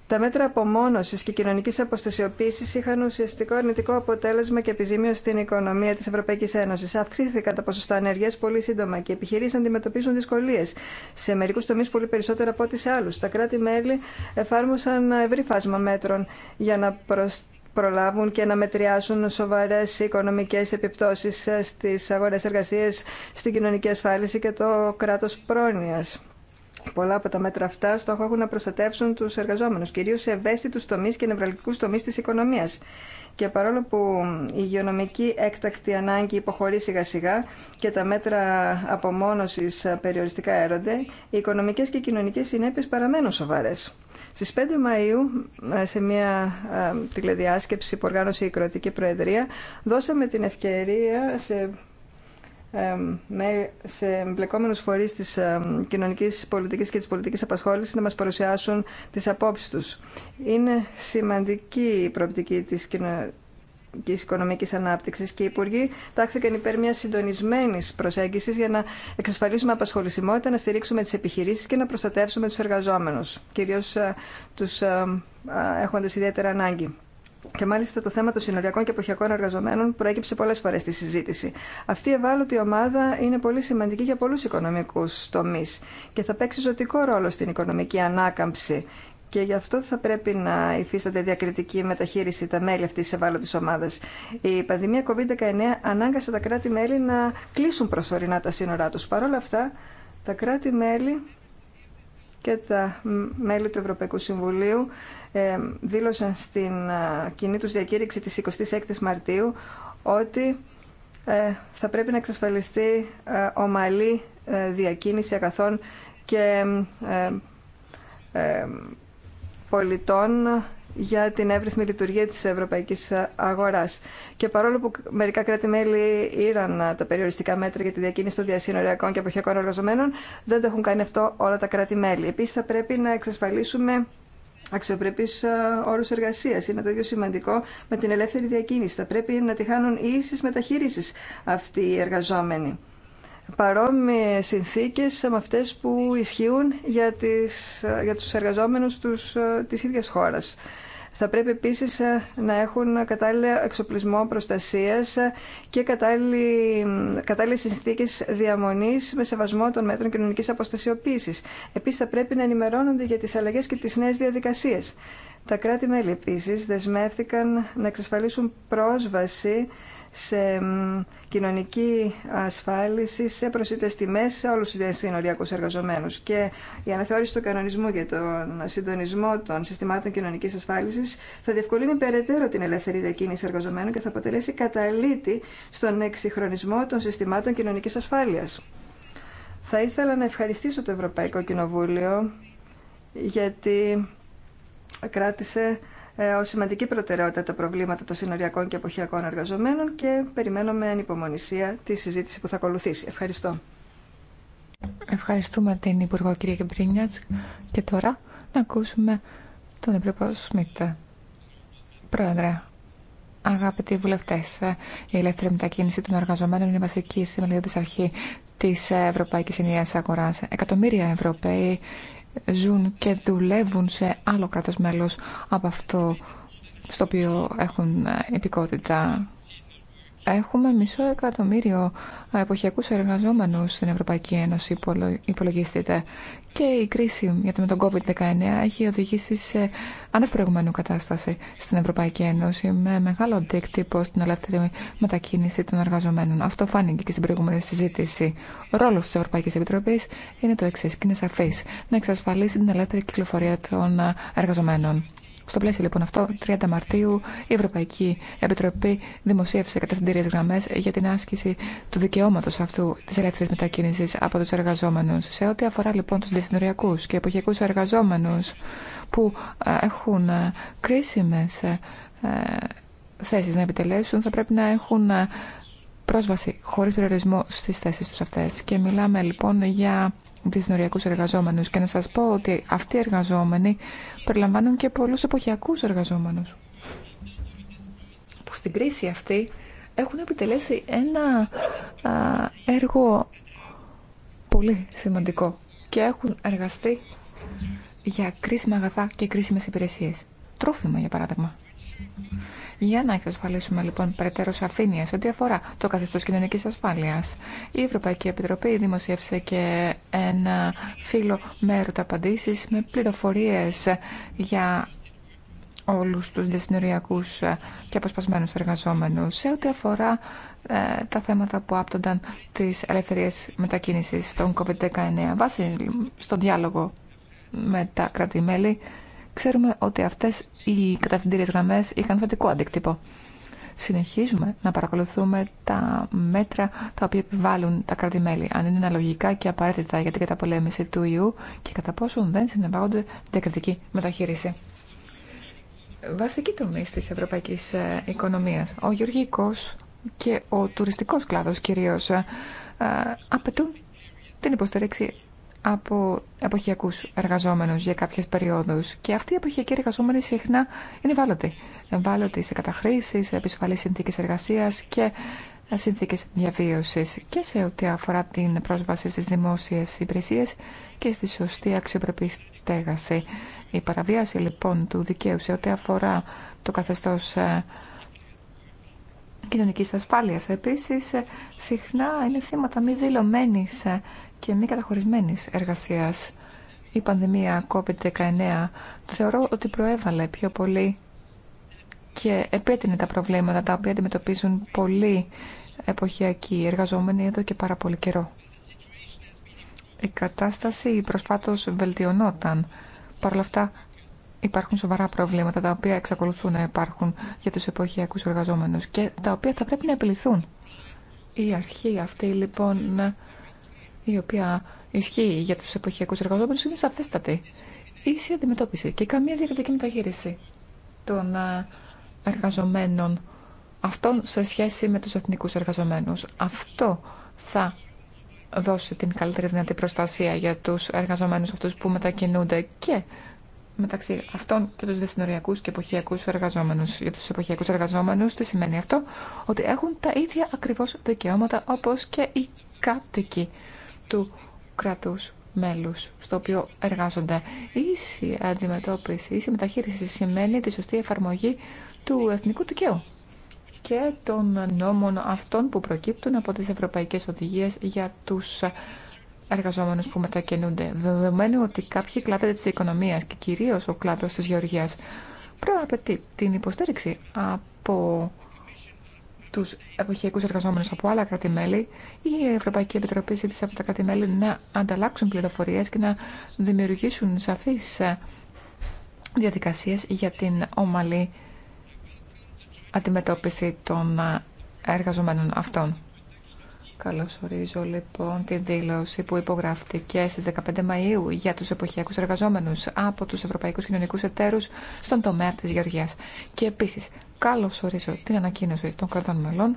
Τα μέτρα απομόνωση και κοινωνική αποστασιοποίηση είχαν ουσιαστικό αρνητικό αποτέλεσμα και επιζήμιο στην οικονομία τη Ευρωπαϊκή Ένωση. Αυξήθηκαν τα ποσοστά ανεργία πολύ σύντομα και οι επιχειρήσει αντιμετωπίζουν δυσκολίε σε μερικού τομεί πολύ περισσότερο από ό,τι σε άλλου. Τα κράτη-μέλη εφάρμοσαν ευρύ φάσμα μέτρων για να προλάβουν και να μετριάσουν σοβαρέ οικονομικέ επιπτώσει ε, στι αγορέ εργασία, στην κοινωνική ασφάλιση και το κράτο πρόνοια. Πολλά από τα μέτρα αυτά στόχο έχουν να προστατεύσουν του εργαζόμενου. Κυρίω σε ευαίσθητου τομεί και νευραλικού τομεί τη οικονομία. Και παρόλο που η υγειονομική έκτακτη ανάγκη υποχωρεί σιγά σιγά και τα μέτρα απομόνωσης περιοριστικά έρονται, οι οικονομικέ και κοινωνικέ συνέπειε παραμένουν σοβαρέ. Στι 5 Μαου, σε μια ε, τηλεδιάσκεψη που οργάνωσε η Κροατική Προεδρία, δώσαμε την ευκαιρία σε σε εμπλεκόμενους φορείς της κοινωνικής πολιτικής και της πολιτικής απασχόλησης να μας παρουσιάσουν τις απόψεις τους. Είναι σημαντική η προοπτική της κοινωνικής οικονομικής τη και οι υπουργοί τάχθηκαν υπέρ μια συντονισμένη προσέγγισης για να εξασφαλίσουμε απασχολησιμότητα, να στηρίξουμε τις επιχειρήσεις και να προστατεύσουμε του εργαζόμενου, κυρίω ε, του έχοντας ιδιαίτερα ανάγκη. Και μάλιστα το θέμα των συνοριακών και εποχιακών εργαζομένων προέκυψε πολλέ φορέ στη συζήτηση. Αυτή η ευάλωτη ομάδα είναι πολύ σημαντική για πολλού οικονομικού τομεί και θα παίξει ζωτικό ρόλο στην οικονομική ανάκαμψη. Και γι' αυτό θα πρέπει να υφίσταται διακριτική μεταχείριση τα μέλη αυτή τη ευάλωτη ομάδα. Η πανδημία COVID-19 ανάγκασε τα κράτη-μέλη να κλείσουν προσωρινά τα σύνορά του. Παρ' όλα αυτά, τα κράτη-μέλη και τα μέλη του Ευρωπαϊκού Συμβουλίου ε, δήλωσαν στην ε, κοινή τους διακήρυξη της 26ης Μαρτίου ότι ε, θα πρέπει να εξασφαλιστεί ομαλή διακίνηση αγαθών και πολιτών για την εύρυθμη λειτουργία της ευρωπαϊκής αγοράς. Και παρόλο που μερικά κράτη-μέλη ήραν τα περιοριστικά μέτρα για τη διακίνηση των διασυνοριακών και αποχιακών εργαζομένων, δεν το έχουν κάνει αυτό όλα τα κράτη-μέλη. Επίσης θα πρέπει να εξασφαλίσουμε αξιοπρεπεί όρου εργασία. Είναι το ίδιο σημαντικό με την ελεύθερη διακίνηση. Θα πρέπει να τη χάνουν ίσε μεταχείρισει αυτοί οι εργαζόμενοι. Παρόμοιε συνθήκε με αυτέ που ισχύουν για, τις, για του εργαζόμενου τη ίδια χώρα. Θα πρέπει επίσης ε, να έχουν κατάλληλο εξοπλισμό προστασίας ε, και κατάλληλες συνθήκες διαμονής με σεβασμό των μέτρων κοινωνικής αποστασιοποίησης. Επίσης θα πρέπει να ενημερώνονται για τις αλλαγές και τις νέες διαδικασίες. Τα κράτη-μέλη επίσης δεσμεύτηκαν να εξασφαλίσουν πρόσβαση σε κοινωνική ασφάλιση, σε προσιτές τιμές σε όλους τους διασυνοριακούς εργαζομένους. Και η αναθεώρηση του κανονισμού για τον συντονισμό των συστημάτων κοινωνικής ασφάλισης θα διευκολύνει περαιτέρω την ελεύθερη διακίνηση εργαζομένων και θα αποτελέσει καταλήτη στον εξυγχρονισμό των συστημάτων κοινωνικής ασφάλειας. Θα ήθελα να ευχαριστήσω το Ευρωπαϊκό Κοινοβούλιο γιατί κράτησε ε, ω σημαντική προτεραιότητα τα προβλήματα των συνοριακών και εποχιακών εργαζομένων και περιμένω με ανυπομονησία τη συζήτηση που θα ακολουθήσει. Ευχαριστώ. Ευχαριστούμε την Υπουργό κυρία Κεμπρίνιατς και τώρα να ακούσουμε τον Επίτροπο Σμιτ. Πρόεδρε, αγαπητοί βουλευτέ η ελεύθερη μετακίνηση των εργαζομένων είναι βασική θεμελιώδης αρχή της Ευρωπαϊκής Ενιαίας Αγοράς. Εκατομμύρια Ευρωπαίοι ζουν και δουλεύουν σε άλλο κράτος μέλος από αυτό στο οποίο έχουν ε, υπηκότητα. Έχουμε μισό εκατομμύριο εποχιακούς εργαζόμενους στην Ευρωπαϊκή Ένωση, υπολογίστητε. Και η κρίση γιατί με τον COVID-19 έχει οδηγήσει σε ανεφορεγμένου κατάσταση στην Ευρωπαϊκή Ένωση με μεγάλο αντίκτυπο στην ελεύθερη μετακίνηση των εργαζομένων. Αυτό φάνηκε και στην προηγούμενη συζήτηση. Ο ρόλος της Ευρωπαϊκής Επιτροπής είναι το εξής και είναι σαφής. Να εξασφαλίσει την ελεύθερη κυκλοφορία των ε, εργαζομένων. Στο πλαίσιο λοιπόν αυτό, 30 Μαρτίου, η Ευρωπαϊκή Επιτροπή δημοσίευσε κατευθυντήριε γραμμέ για την άσκηση του δικαιώματο αυτού τη ελεύθερη μετακίνηση από του εργαζόμενου. Σε ό,τι αφορά λοιπόν του διασυνοριακού και εποχιακού εργαζόμενου που ε, έχουν ε, κρίσιμε ε, θέσει να επιτελέσουν θα πρέπει να έχουν πρόσβαση χωρίς περιορισμό στις θέσεις τους αυτές. Και μιλάμε λοιπόν για εργαζόμενους και να σας πω ότι αυτοί οι εργαζόμενοι περιλαμβάνουν και πολλούς εποχιακούς εργαζόμενους που στην κρίση αυτή έχουν επιτελέσει ένα έργο πολύ σημαντικό και έχουν εργαστεί για κρίσιμα αγαθά και κρίσιμες υπηρεσίες. Τρόφιμα, για παράδειγμα. Για να εξασφαλίσουμε λοιπόν περαιτέρω σαφήνεια σε ό,τι αφορά το καθεστώ κοινωνική ασφάλεια, η Ευρωπαϊκή Επιτροπή δημοσίευσε και ένα φύλλο με ερωταπαντήσει με πληροφορίε για όλους τους διασυνοριακού και αποσπασμένου εργαζόμενου σε ό,τι αφορά ε, τα θέματα που άπτονταν της ελευθερίας μετακίνησης των COVID-19 βάσει στον διάλογο με τα κράτη-μέλη ξέρουμε ότι αυτές οι κατευθυντήριες γραμμές είχαν θετικό αντίκτυπο. Συνεχίζουμε να παρακολουθούμε τα μέτρα τα οποία επιβάλλουν τα κράτη-μέλη, αν είναι αναλογικά και απαραίτητα για την καταπολέμηση του ιού και κατά πόσο δεν συνεπάγονται διακριτική μεταχείριση. Βασική τομή τη ευρωπαϊκής ε, οικονομία, ο γεωργικός και ο τουριστικό κλάδο κυρίω ε, ε, απαιτούν την υποστήριξη από εποχιακού εργαζόμενου για κάποιε περιόδου. και αυτοί οι εποχιακοί εργαζόμενοι συχνά είναι ευάλωτοι. Ευάλωτοι σε καταχρήσεις, σε επισφαλή συνθήκες εργασίας και συνθήκες διαβίωση, και σε ό,τι αφορά την πρόσβαση στι δημόσιε υπηρεσίε και στη σωστή αξιοπρεπή στέγαση. Η παραβίαση λοιπόν του δικαίου σε ό,τι αφορά το καθεστώ ε, κοινωνικής ασφάλειας επίσης ε, συχνά είναι θύματα μη δηλωμένη ε, και μη καταχωρισμένη εργασίας. Η πανδημία COVID-19 θεωρώ ότι προέβαλε πιο πολύ και επέτεινε τα προβλήματα τα οποία αντιμετωπίζουν πολλοί εποχιακοί εργαζόμενοι εδώ και πάρα πολύ καιρό. Η κατάσταση προσφάτως βελτιωνόταν. Παρ' όλα αυτά υπάρχουν σοβαρά προβλήματα τα οποία εξακολουθούν να υπάρχουν για τους εποχιακούς εργαζόμενους και τα οποία θα πρέπει να επιληθούν. Η αρχή αυτή λοιπόν η οποία ισχύει για τους εποχιακούς εργαζόμενους είναι σαφέστατη. Ίση αντιμετώπιση και καμία διακριτική μεταγύριση των ε, εργαζομένων αυτών σε σχέση με τους εθνικούς εργαζομένους. Αυτό θα δώσει την καλύτερη δυνατή προστασία για τους εργαζομένους αυτούς που μετακινούνται και μεταξύ αυτών και τους δεσυνοριακούς και εποχιακούς εργαζόμενους. Για τους εποχιακούς εργαζόμενους τι σημαίνει αυτό, ότι έχουν τα ίδια ακριβώς δικαιώματα όπως και οι κάτοικοι του κράτους μέλους στο οποίο εργάζονται. Ίση αντιμετώπιση, ίση μεταχείριση σημαίνει τη σωστή εφαρμογή του εθνικού δικαίου και των νόμων αυτών που προκύπτουν από τις ευρωπαϊκές οδηγίες για τους εργαζόμενους που μετακινούνται. Δεδομένου ότι κάποιοι κλάδοι τη οικονομίας και κυρίως ο κλάδο της γεωργία προαπαιτεί την υποστήριξη από του εποχιακού εργαζόμενου από άλλα κράτη-μέλη, η Ευρωπαϊκή Επιτροπή ζήτησε από τα κράτη-μέλη να ανταλλάξουν πληροφορίε και να δημιουργήσουν σαφεί ε, διαδικασίε για την ομαλή αντιμετώπιση των ε, εργαζομένων αυτών. ορίζω λοιπόν τη δήλωση που υπογράφτηκε στις 15 Μαΐου για τους εποχιακούς εργαζόμενους από τους Ευρωπαϊκούς Κοινωνικούς Εταίρους στον τομέα της Γεωργίας. Και επίσης καλώς ορίζω την ανακοίνωση των κρατών μελών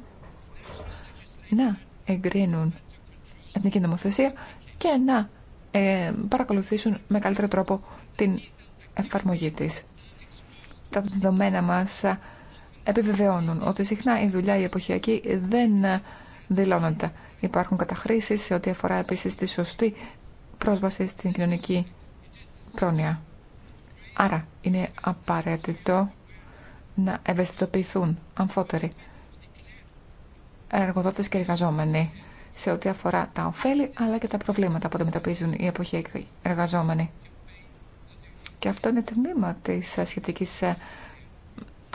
να εγκρίνουν εθνική νομοθεσία και να ε, παρακολουθήσουν με καλύτερο τρόπο την εφαρμογή της. Τα δεδομένα μας ε, επιβεβαιώνουν ότι συχνά η δουλειά η εποχιακή δεν ε, δηλώνεται. Υπάρχουν καταχρήσεις σε ό,τι αφορά επίσης τη σωστή πρόσβαση στην κοινωνική πρόνοια. Άρα είναι απαραίτητο να ευαισθητοποιηθούν αμφότεροι εργοδότες και εργαζόμενοι σε ό,τι αφορά τα ωφέλη αλλά και τα προβλήματα που αντιμετωπίζουν οι εποχιακοί εργαζόμενοι. Και αυτό είναι τμήμα της ε, σχετικής ε,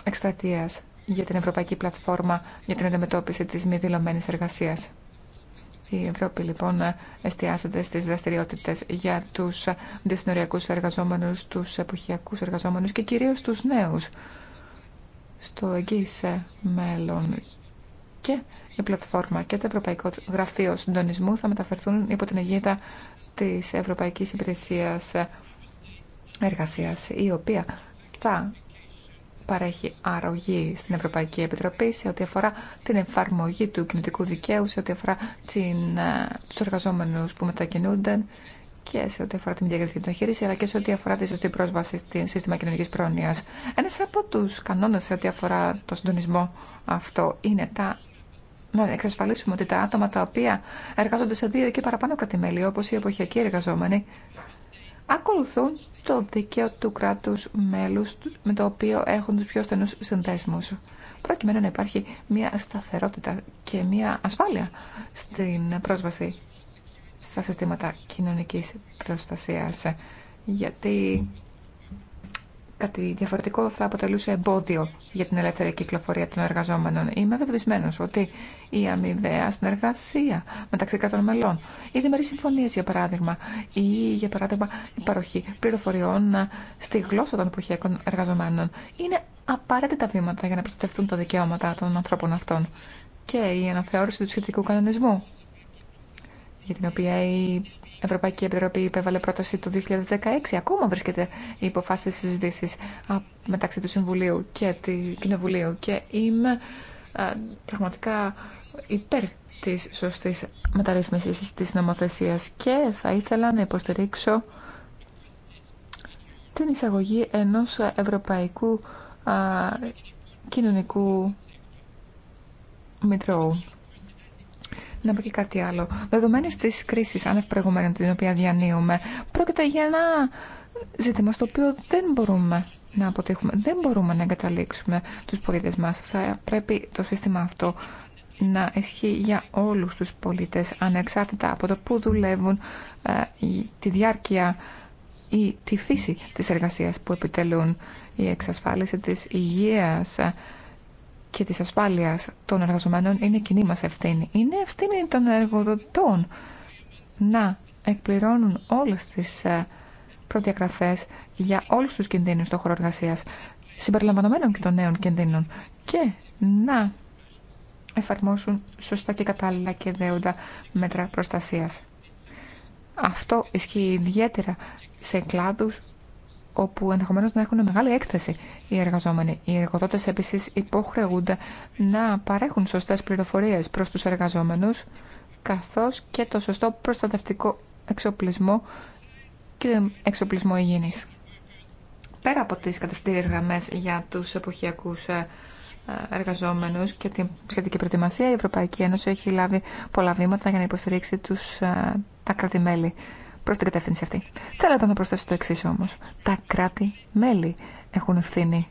εκστρατείας για την Ευρωπαϊκή Πλατφόρμα για την αντιμετώπιση της μη δηλωμένη εργασίας. Η Ευρώπη λοιπόν ε, εστιάζεται στις δραστηριότητες για τους δυσνοριακούς εργαζόμενους, τους εποχιακούς εργαζόμενου και κυρίω τους νέου στο εγγύησε μέλλον και η πλατφόρμα και το Ευρωπαϊκό Γραφείο Συντονισμού θα μεταφερθούν υπό την αιγίδα της Ευρωπαϊκής Υπηρεσίας Εργασίας, η οποία θα παρέχει αρρωγή στην Ευρωπαϊκή Επιτροπή σε ό,τι αφορά την εφαρμογή του κινητικού δικαίου, σε ό,τι αφορά την, ε, τους εργαζόμενους που μετακινούνται, και σε ό,τι αφορά την διακριτική μεταχείριση, αλλά και σε ό,τι αφορά τη σωστή πρόσβαση στη σύστημα κοινωνική πρόνοια. Ένα από του κανόνε σε ό,τι αφορά το συντονισμό αυτό είναι τα να εξασφαλίσουμε ότι τα άτομα τα οποία εργάζονται σε δύο και παραπάνω κρατημέλη, όπω οι εποχιακοί εργαζόμενοι, ακολουθούν το δίκαιο του κράτου μέλου με το οποίο έχουν του πιο στενού συνδέσμου. Προκειμένου να υπάρχει μια σταθερότητα και μια ασφάλεια στην πρόσβαση στα συστήματα κοινωνικής προστασίας, γιατί κάτι διαφορετικό θα αποτελούσε εμπόδιο για την ελεύθερη κυκλοφορία των εργαζόμενων. Είμαι βεβαισμένο ότι η αμοιβαία συνεργασία μεταξύ κρατών μελών, οι διμερεί συμφωνίε για παράδειγμα, ή για παράδειγμα η παροχή πληροφοριών στη γλώσσα των εποχιακών εργαζομένων, είναι απαραίτητα βήματα για να προστατευτούν τα δικαιώματα των ανθρώπων αυτών. Και η αναθεώρηση του σχετικού κανονισμού για την οποία η Ευρωπαϊκή Επιτροπή υπέβαλε πρόταση το 2016. Ακόμα βρίσκεται η υποφάση συζήτηση μεταξύ του Συμβουλίου και του Κοινοβουλίου και είμαι πραγματικά υπέρ της σωστής μεταρρύθμισης της νομοθεσίας και θα ήθελα να υποστηρίξω την εισαγωγή ενός ευρωπαϊκού α, κοινωνικού μητρώου. Να πω και κάτι άλλο. Δεδομένη τη κρίση ανευπροηγουμένων την οποία διανύουμε, πρόκειται για ένα ζήτημα στο οποίο δεν μπορούμε να αποτύχουμε. Δεν μπορούμε να εγκαταλείξουμε τους πολίτες μας. Θα πρέπει το σύστημα αυτό να ισχύει για όλους τους πολίτες, ανεξάρτητα από το που δουλεύουν, ε, τη διάρκεια ή τη φύση της εργασίας που επιτελούν η εξασφάλιση της υγείας και της ασφάλειας των εργαζομένων είναι κοινή μας ευθύνη. Είναι ευθύνη των εργοδοτών να εκπληρώνουν όλες τις ε, προδιαγραφές για όλους τους κινδύνους στον χώρο εργασίας, συμπεριλαμβανομένων και των νέων κινδύνων και να εφαρμόσουν σωστά και κατάλληλα και δέοντα μέτρα προστασίας. Αυτό ισχύει ιδιαίτερα σε κλάδους όπου ενδεχομένω να έχουν μεγάλη έκθεση οι εργαζόμενοι. Οι εργοδότε επίση υποχρεούνται να παρέχουν σωστέ πληροφορίε προς τους εργαζόμενους, καθώς και το σωστό προστατευτικό εξοπλισμό και εξοπλισμό υγιεινής. Πέρα από τις κατευθυντήριε γραμμέ για τους εποχιακούς ε, εργαζόμενους και την σχετική προετοιμασία, η Ευρωπαϊκή Ένωση έχει λάβει πολλά βήματα για να υποστηρίξει τους, ε, τα κράτη-μέλη Προ την κατεύθυνση αυτή. Θέλω να προσθέσω το εξή όμως. Τα κράτη-μέλη έχουν ευθύνη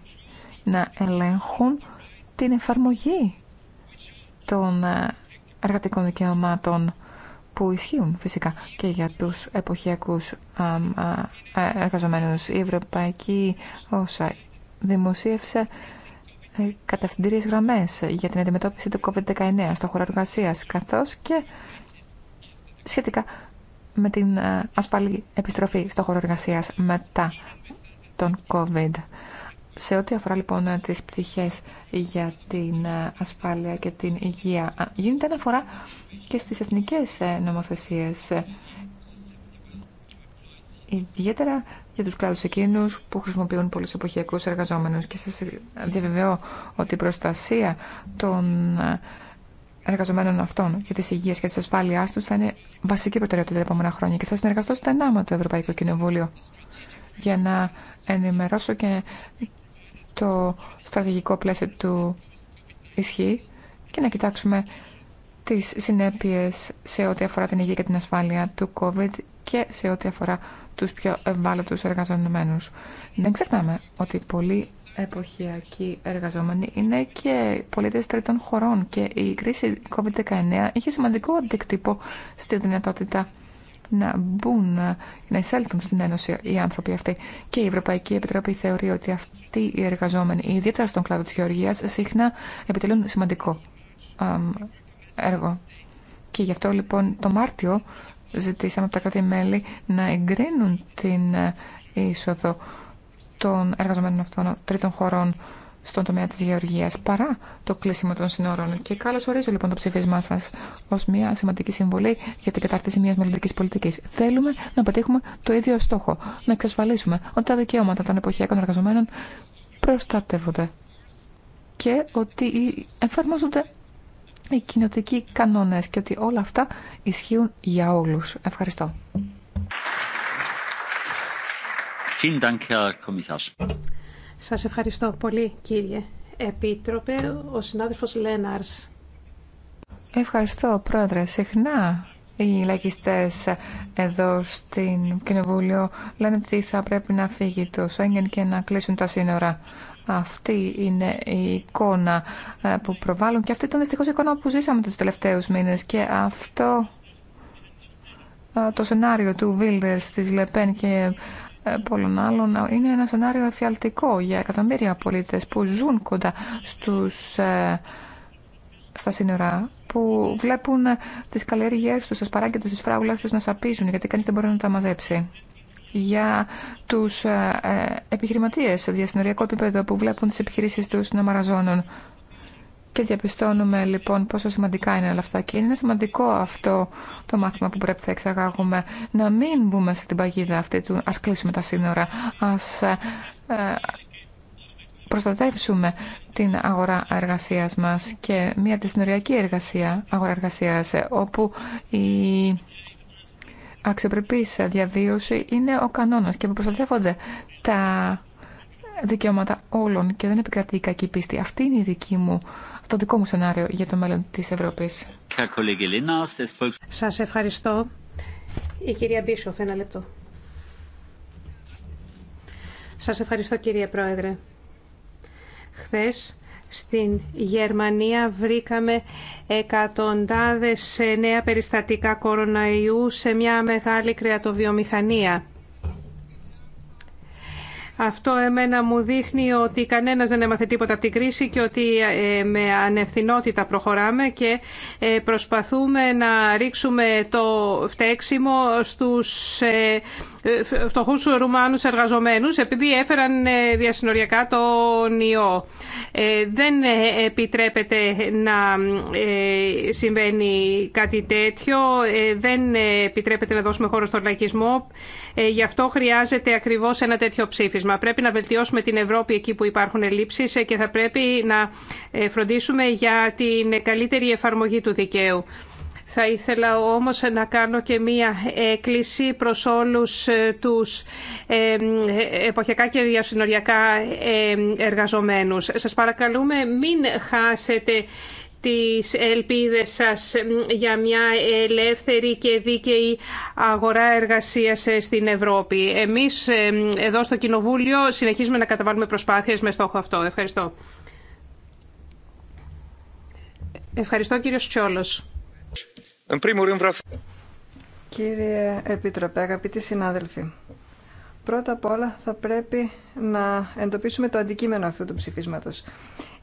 να ελέγχουν την εφαρμογή των ε, εργατικών δικαιωμάτων που ισχύουν φυσικά και για τους εποχιακούς ε, εργαζομένους. Η Ευρωπαϊκή όσα δημοσίευσε ε, κατευθυντήριες γραμμές για την αντιμετώπιση του COVID-19 στο χώρο εργασία, καθώς και σχετικά με την ε, ασφαλή επιστροφή στο χώρο εργασία μετά τον COVID. Σε ό,τι αφορά λοιπόν τις πτυχές για την ε, ασφάλεια και την υγεία, γίνεται αναφορά και στις εθνικές ε, νομοθεσίες. Ιδιαίτερα για τους κλάδους εκείνους που χρησιμοποιούν πολλούς εποχιακούς εργαζόμενους και σας διαβεβαιώ ότι η προστασία των εργαζομένων αυτών και τη υγεία και τη ασφάλειά του θα είναι βασική προτεραιότητα τα επόμενα χρόνια και θα συνεργαστώ στενά με το Ευρωπαϊκό Κοινοβούλιο για να ενημερώσω και το στρατηγικό πλαίσιο του ισχύ και να κοιτάξουμε τις συνέπειες σε ό,τι αφορά την υγεία και την ασφάλεια του COVID και σε ό,τι αφορά τους πιο ευάλωτους εργαζομένους. Δεν ξεχνάμε ότι πολλοί εποχιακοί εργαζόμενοι είναι και πολίτες τρίτων χωρών και η κρίση COVID-19 είχε σημαντικό αντίκτυπο στη δυνατότητα να μπουν, να εισέλθουν στην Ένωση οι άνθρωποι αυτοί. Και η Ευρωπαϊκή Επιτροπή θεωρεί ότι αυτοί οι εργαζόμενοι, ιδιαίτερα στον κλάδο της γεωργίας, συχνά επιτελούν σημαντικό έργο. Και γι' αυτό λοιπόν το Μάρτιο ζητήσαμε από τα κράτη-μέλη να εγκρίνουν την ε, είσοδο των εργαζομένων αυτών τρίτων χωρών στον τομέα της γεωργίας παρά το κλείσιμο των συνόρων. Και καλώς ορίζω λοιπόν το ψηφίσμα σας ως μια σημαντική συμβολή για την κατάρτιση μιας μελλοντικής πολιτικής. Θέλουμε να πετύχουμε το ίδιο στόχο, να εξασφαλίσουμε ότι τα δικαιώματα των εποχιακών εργαζομένων προστατεύονται και ότι εφαρμόζονται οι κοινοτικοί κανόνες και ότι όλα αυτά ισχύουν για όλους. Ευχαριστώ. Σας ευχαριστώ πολύ κύριε Επίτροπε, ο συνάδελφος Λέναρς. Ευχαριστώ πρόεδρε. Συχνά οι λαϊκιστές εδώ στην Κοινοβούλιο λένε ότι θα πρέπει να φύγει το Σέγγεν και να κλείσουν τα σύνορα. Αυτή είναι η εικόνα ε, που προβάλλουν και αυτή ήταν δυστυχώ η εικόνα που ζήσαμε τους τελευταίους μήνες και αυτό ε, το σενάριο του Βίλτερ της Λεπέν και ε, πολλών άλλων ε, είναι ένα σενάριο εφιαλτικό για εκατομμύρια πολίτες που ζουν κοντά στους, ε, στα σύνορα που βλέπουν τις καλλιέργειές τους, τις παράγκε τους, τις φράουλες τους να σαπίζουν γιατί κανείς δεν μπορεί να τα μαζέψει για τους επιχειρηματίες σε διασυνοριακό επίπεδο που βλέπουν τις επιχειρήσεις τους να μαραζώνουν και διαπιστώνουμε λοιπόν πόσο σημαντικά είναι όλα αυτά. Και είναι σημαντικό αυτό το μάθημα που πρέπει να εξαγάγουμε. Να μην μπούμε σε την παγίδα αυτή του ας κλείσουμε τα σύνορα, ας ε, ε, προστατεύσουμε την αγορά εργασίας μας και μια δυσνοριακή εργασία, αγορά εργασίας, όπου η αξιοπρεπής διαβίωση είναι ο κανόνας και που προστατεύονται τα δικαιώματα όλων και δεν επικρατεί η κακή πίστη. Αυτή είναι η δική μου το δικό μου σενάριο για το μέλλον της Ευρώπης. Σας ευχαριστώ. Η κυρία Μπίσοφ, ένα λεπτό. Σας ευχαριστώ κύριε Πρόεδρε. Χθες στην Γερμανία βρήκαμε εκατοντάδες νέα περιστατικά κοροναϊού σε μια μεγάλη κρεατοβιομηχανία. Αυτό εμένα μου δείχνει ότι κανένας δεν έμαθε τίποτα από την κρίση και ότι ε, με ανευθυνότητα προχωράμε και ε, προσπαθούμε να ρίξουμε το φταίξιμο στους ε, φτωχούς Ρουμάνους εργαζομένους επειδή έφεραν διασυνοριακά τον ιό. Δεν επιτρέπεται να συμβαίνει κάτι τέτοιο, δεν επιτρέπεται να δώσουμε χώρο στον λαϊκισμό, γι' αυτό χρειάζεται ακριβώς ένα τέτοιο ψήφισμα. Πρέπει να βελτιώσουμε την Ευρώπη εκεί που υπάρχουν ελλείψεις και θα πρέπει να ε, φροντίσουμε για την καλύτερη εφαρμογή του δικαίου. Θα ήθελα όμως να κάνω και μία έκκληση προς όλους ε, τους ε, εποχιακά και διασυνοριακά εργαζομένους. Σας παρακαλούμε μην χάσετε τις ελπίδες σας για μια ελεύθερη και δίκαιη αγορά εργασίας ε, στην Ευρώπη. Εμείς ε, εδώ στο Κοινοβούλιο συνεχίζουμε να καταβάλουμε προσπάθειες με στόχο αυτό. Ευχαριστώ. Ευχαριστώ κύριο Τσιόλος. Κύριε Επιτροπέ, αγαπητοί συνάδελφοι, Πρώτα απ' όλα θα πρέπει να εντοπίσουμε το αντικείμενο αυτού του ψηφίσματος.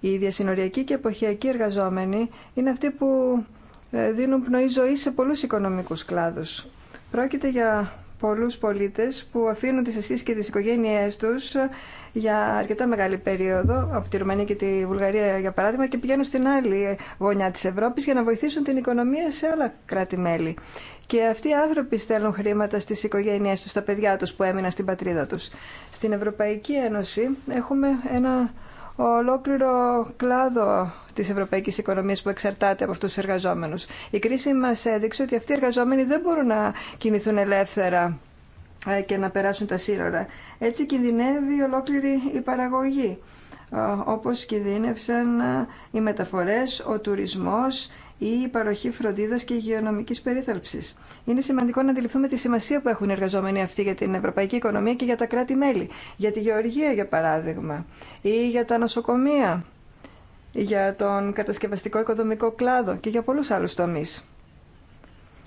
Οι διασυνοριακοί και εποχιακοί εργαζόμενοι είναι αυτοί που ε, δίνουν πνοή ζωή σε πολλούς οικονομικούς κλάδους. Πρόκειται για πολλούς πολίτες που αφήνουν τις αισθήσεις και τις οικογένειές τους για αρκετά μεγάλη περίοδο από τη Ρουμανία και τη Βουλγαρία για παράδειγμα και πηγαίνουν στην άλλη γωνιά της Ευρώπης για να βοηθήσουν την οικονομία σε άλλα κράτη-μέλη. Και αυτοί οι άνθρωποι στέλνουν χρήματα στις οικογένειές τους, στα παιδιά τους που έμειναν στην πατρίδα τους. Στην Ευρωπαϊκή Ένωση έχουμε ένα ολόκληρο κλάδο Τη Ευρωπαϊκή οικονομία που εξαρτάται από αυτού του εργαζόμενου. Η κρίση μα έδειξε ότι αυτοί οι εργαζόμενοι δεν μπορούν να κινηθούν ελεύθερα ε, και να περάσουν τα σύνορα. Έτσι κινδυνεύει ολόκληρη η παραγωγή, ε, όπως κινδύνευσαν ε, οι μεταφορές, ο τουρισμός, ή η παροχή φροντίδα και υγειονομική περίθαλψη. Είναι σημαντικό να αντιληφθούμε τη σημασία που έχουν οι εργαζόμενοι αυτοί για την ευρωπαϊκή οικονομία και για τα κράτη-μέλη. Για τη γεωργία, για παράδειγμα, ή για τα νοσοκομεία για τον κατασκευαστικό οικοδομικό κλάδο και για πολλούς άλλους τομείς.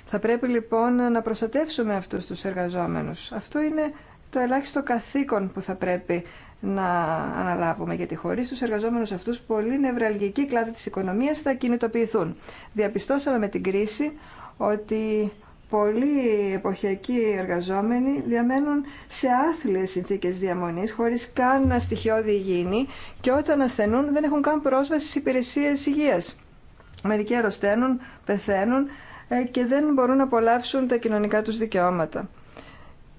Θα πρέπει λοιπόν να προστατεύσουμε αυτούς τους εργαζόμενους. Αυτό είναι το ελάχιστο καθήκον που θα πρέπει να αναλάβουμε, γιατί χωρίς τους εργαζόμενους αυτούς πολλοί νευραλγικοί κλάδοι της οικονομίας θα κινητοποιηθούν. Διαπιστώσαμε με την κρίση ότι πολλοί εποχιακοί εργαζόμενοι διαμένουν σε άθλιες συνθήκες διαμονής, χωρίς καν να στοιχειώδη υγιεινή και όταν ασθενούν δεν έχουν καν πρόσβαση στις υπηρεσίες υγείας. Μερικοί αρρωσταίνουν, πεθαίνουν ε, και δεν μπορούν να απολαύσουν τα κοινωνικά τους δικαιώματα.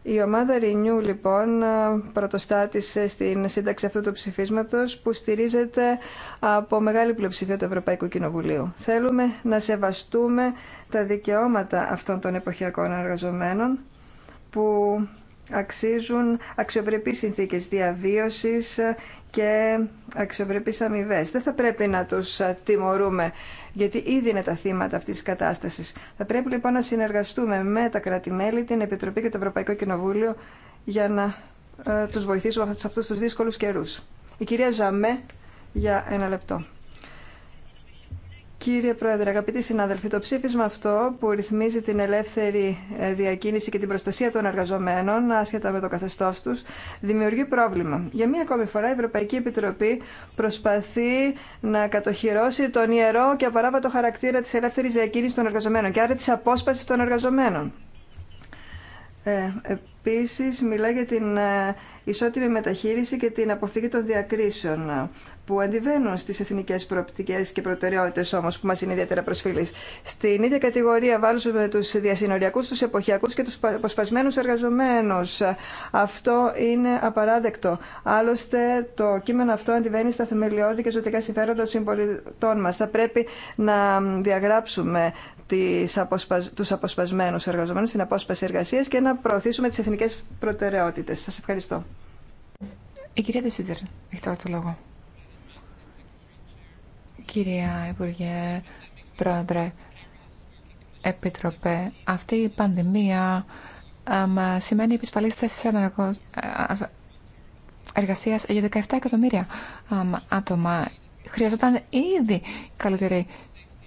Η ομάδα Renew λοιπόν ε, πρωτοστάτησε στην σύνταξη αυτού του ψηφίσματος που στηρίζεται από μεγάλη πλειοψηφία του Ευρωπαϊκού Κοινοβουλίου. Θέλουμε να σεβαστούμε τα δικαιώματα αυτών των εποχιακών εργαζομένων που αξίζουν αξιοπρεπείς συνθήκες διαβίωσης και αξιοπρεπείς αμοιβέ. Δεν θα πρέπει να τους ε, τιμωρούμε γιατί ήδη είναι τα θύματα αυτή τη κατάσταση. Θα πρέπει λοιπόν να συνεργαστούμε με τα κράτη-μέλη, την Επιτροπή και το Ευρωπαϊκό Κοινοβούλιο για να ε, του βοηθήσουμε σε αυτού του δύσκολου καιρού. Η κυρία Ζαμέ για ένα λεπτό. Κύριε Πρόεδρε, αγαπητοί συνάδελφοι, το ψήφισμα αυτό που ρυθμίζει την ελεύθερη ε, διακίνηση και την προστασία των εργαζομένων, άσχετα με το καθεστώ του, δημιουργεί πρόβλημα. Για μία ακόμη φορά, η Ευρωπαϊκή Επιτροπή προσπαθεί να κατοχυρώσει τον ιερό και απαράβατο χαρακτήρα τη ελεύθερη διακίνηση των εργαζομένων και άρα τη απόσπαση των εργαζομένων. Ε, Επίση, μιλά για την ε, ισότιμη μεταχείριση και την αποφύγη των διακρίσεων που αντιβαίνουν στι εθνικέ προοπτικέ και προτεραιότητε όμω που μα είναι ιδιαίτερα προσφυλή. Στην ίδια κατηγορία βάλουμε του διασυνοριακού, του εποχιακού και του αποσπασμένου εργαζομένου. Αυτό είναι απαράδεκτο. Άλλωστε το κείμενο αυτό αντιβαίνει στα θεμελιώδη και ζωτικά συμφέροντα των συμπολιτών μα. Θα πρέπει να διαγράψουμε του αποσπασμένου τους αποσπασμένους εργαζομένους στην απόσπαση εργασία και να προωθήσουμε τι εθνικέ προτεραιότητε. Σα ευχαριστώ. Η κυρία έχει τώρα το λόγο. Κυρία Υπουργέ, Πρόεδρε, Επιτροπέ, αυτή η πανδημία α, σημαίνει επισφαλής θέση εργασίας για 17 εκατομμύρια άτομα. Χρειαζόταν ήδη καλύτερη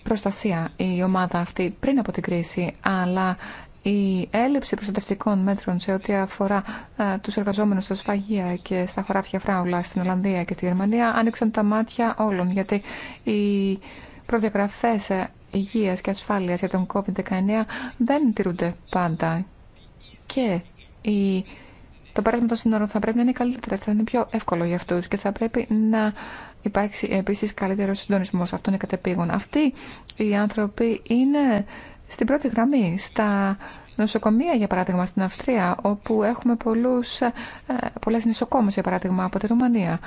προστασία η ομάδα αυτή πριν από την κρίση, αλλά η έλλειψη προστατευτικών μέτρων σε ό,τι αφορά α, ε, τους εργαζόμενους στα σφαγεία και στα χωράφια φράουλα στην Ολλανδία και στη Γερμανία άνοιξαν τα μάτια όλων γιατί οι προδιαγραφές ε, υγείας και ασφάλειας για τον COVID-19 δεν τηρούνται πάντα και η... το πέρασμα των σύνορων θα πρέπει να είναι καλύτερα, θα είναι πιο εύκολο για αυτούς και θα πρέπει να υπάρξει επίσης καλύτερο συντονισμός. Αυτό είναι κατεπήγον. Αυτοί οι άνθρωποι είναι στην πρώτη γραμμή, στα νοσοκομεία για παράδειγμα στην Αυστρία, όπου έχουμε πολλούς, ε, πολλές νοσοκόμες για παράδειγμα από τη Ρουμανία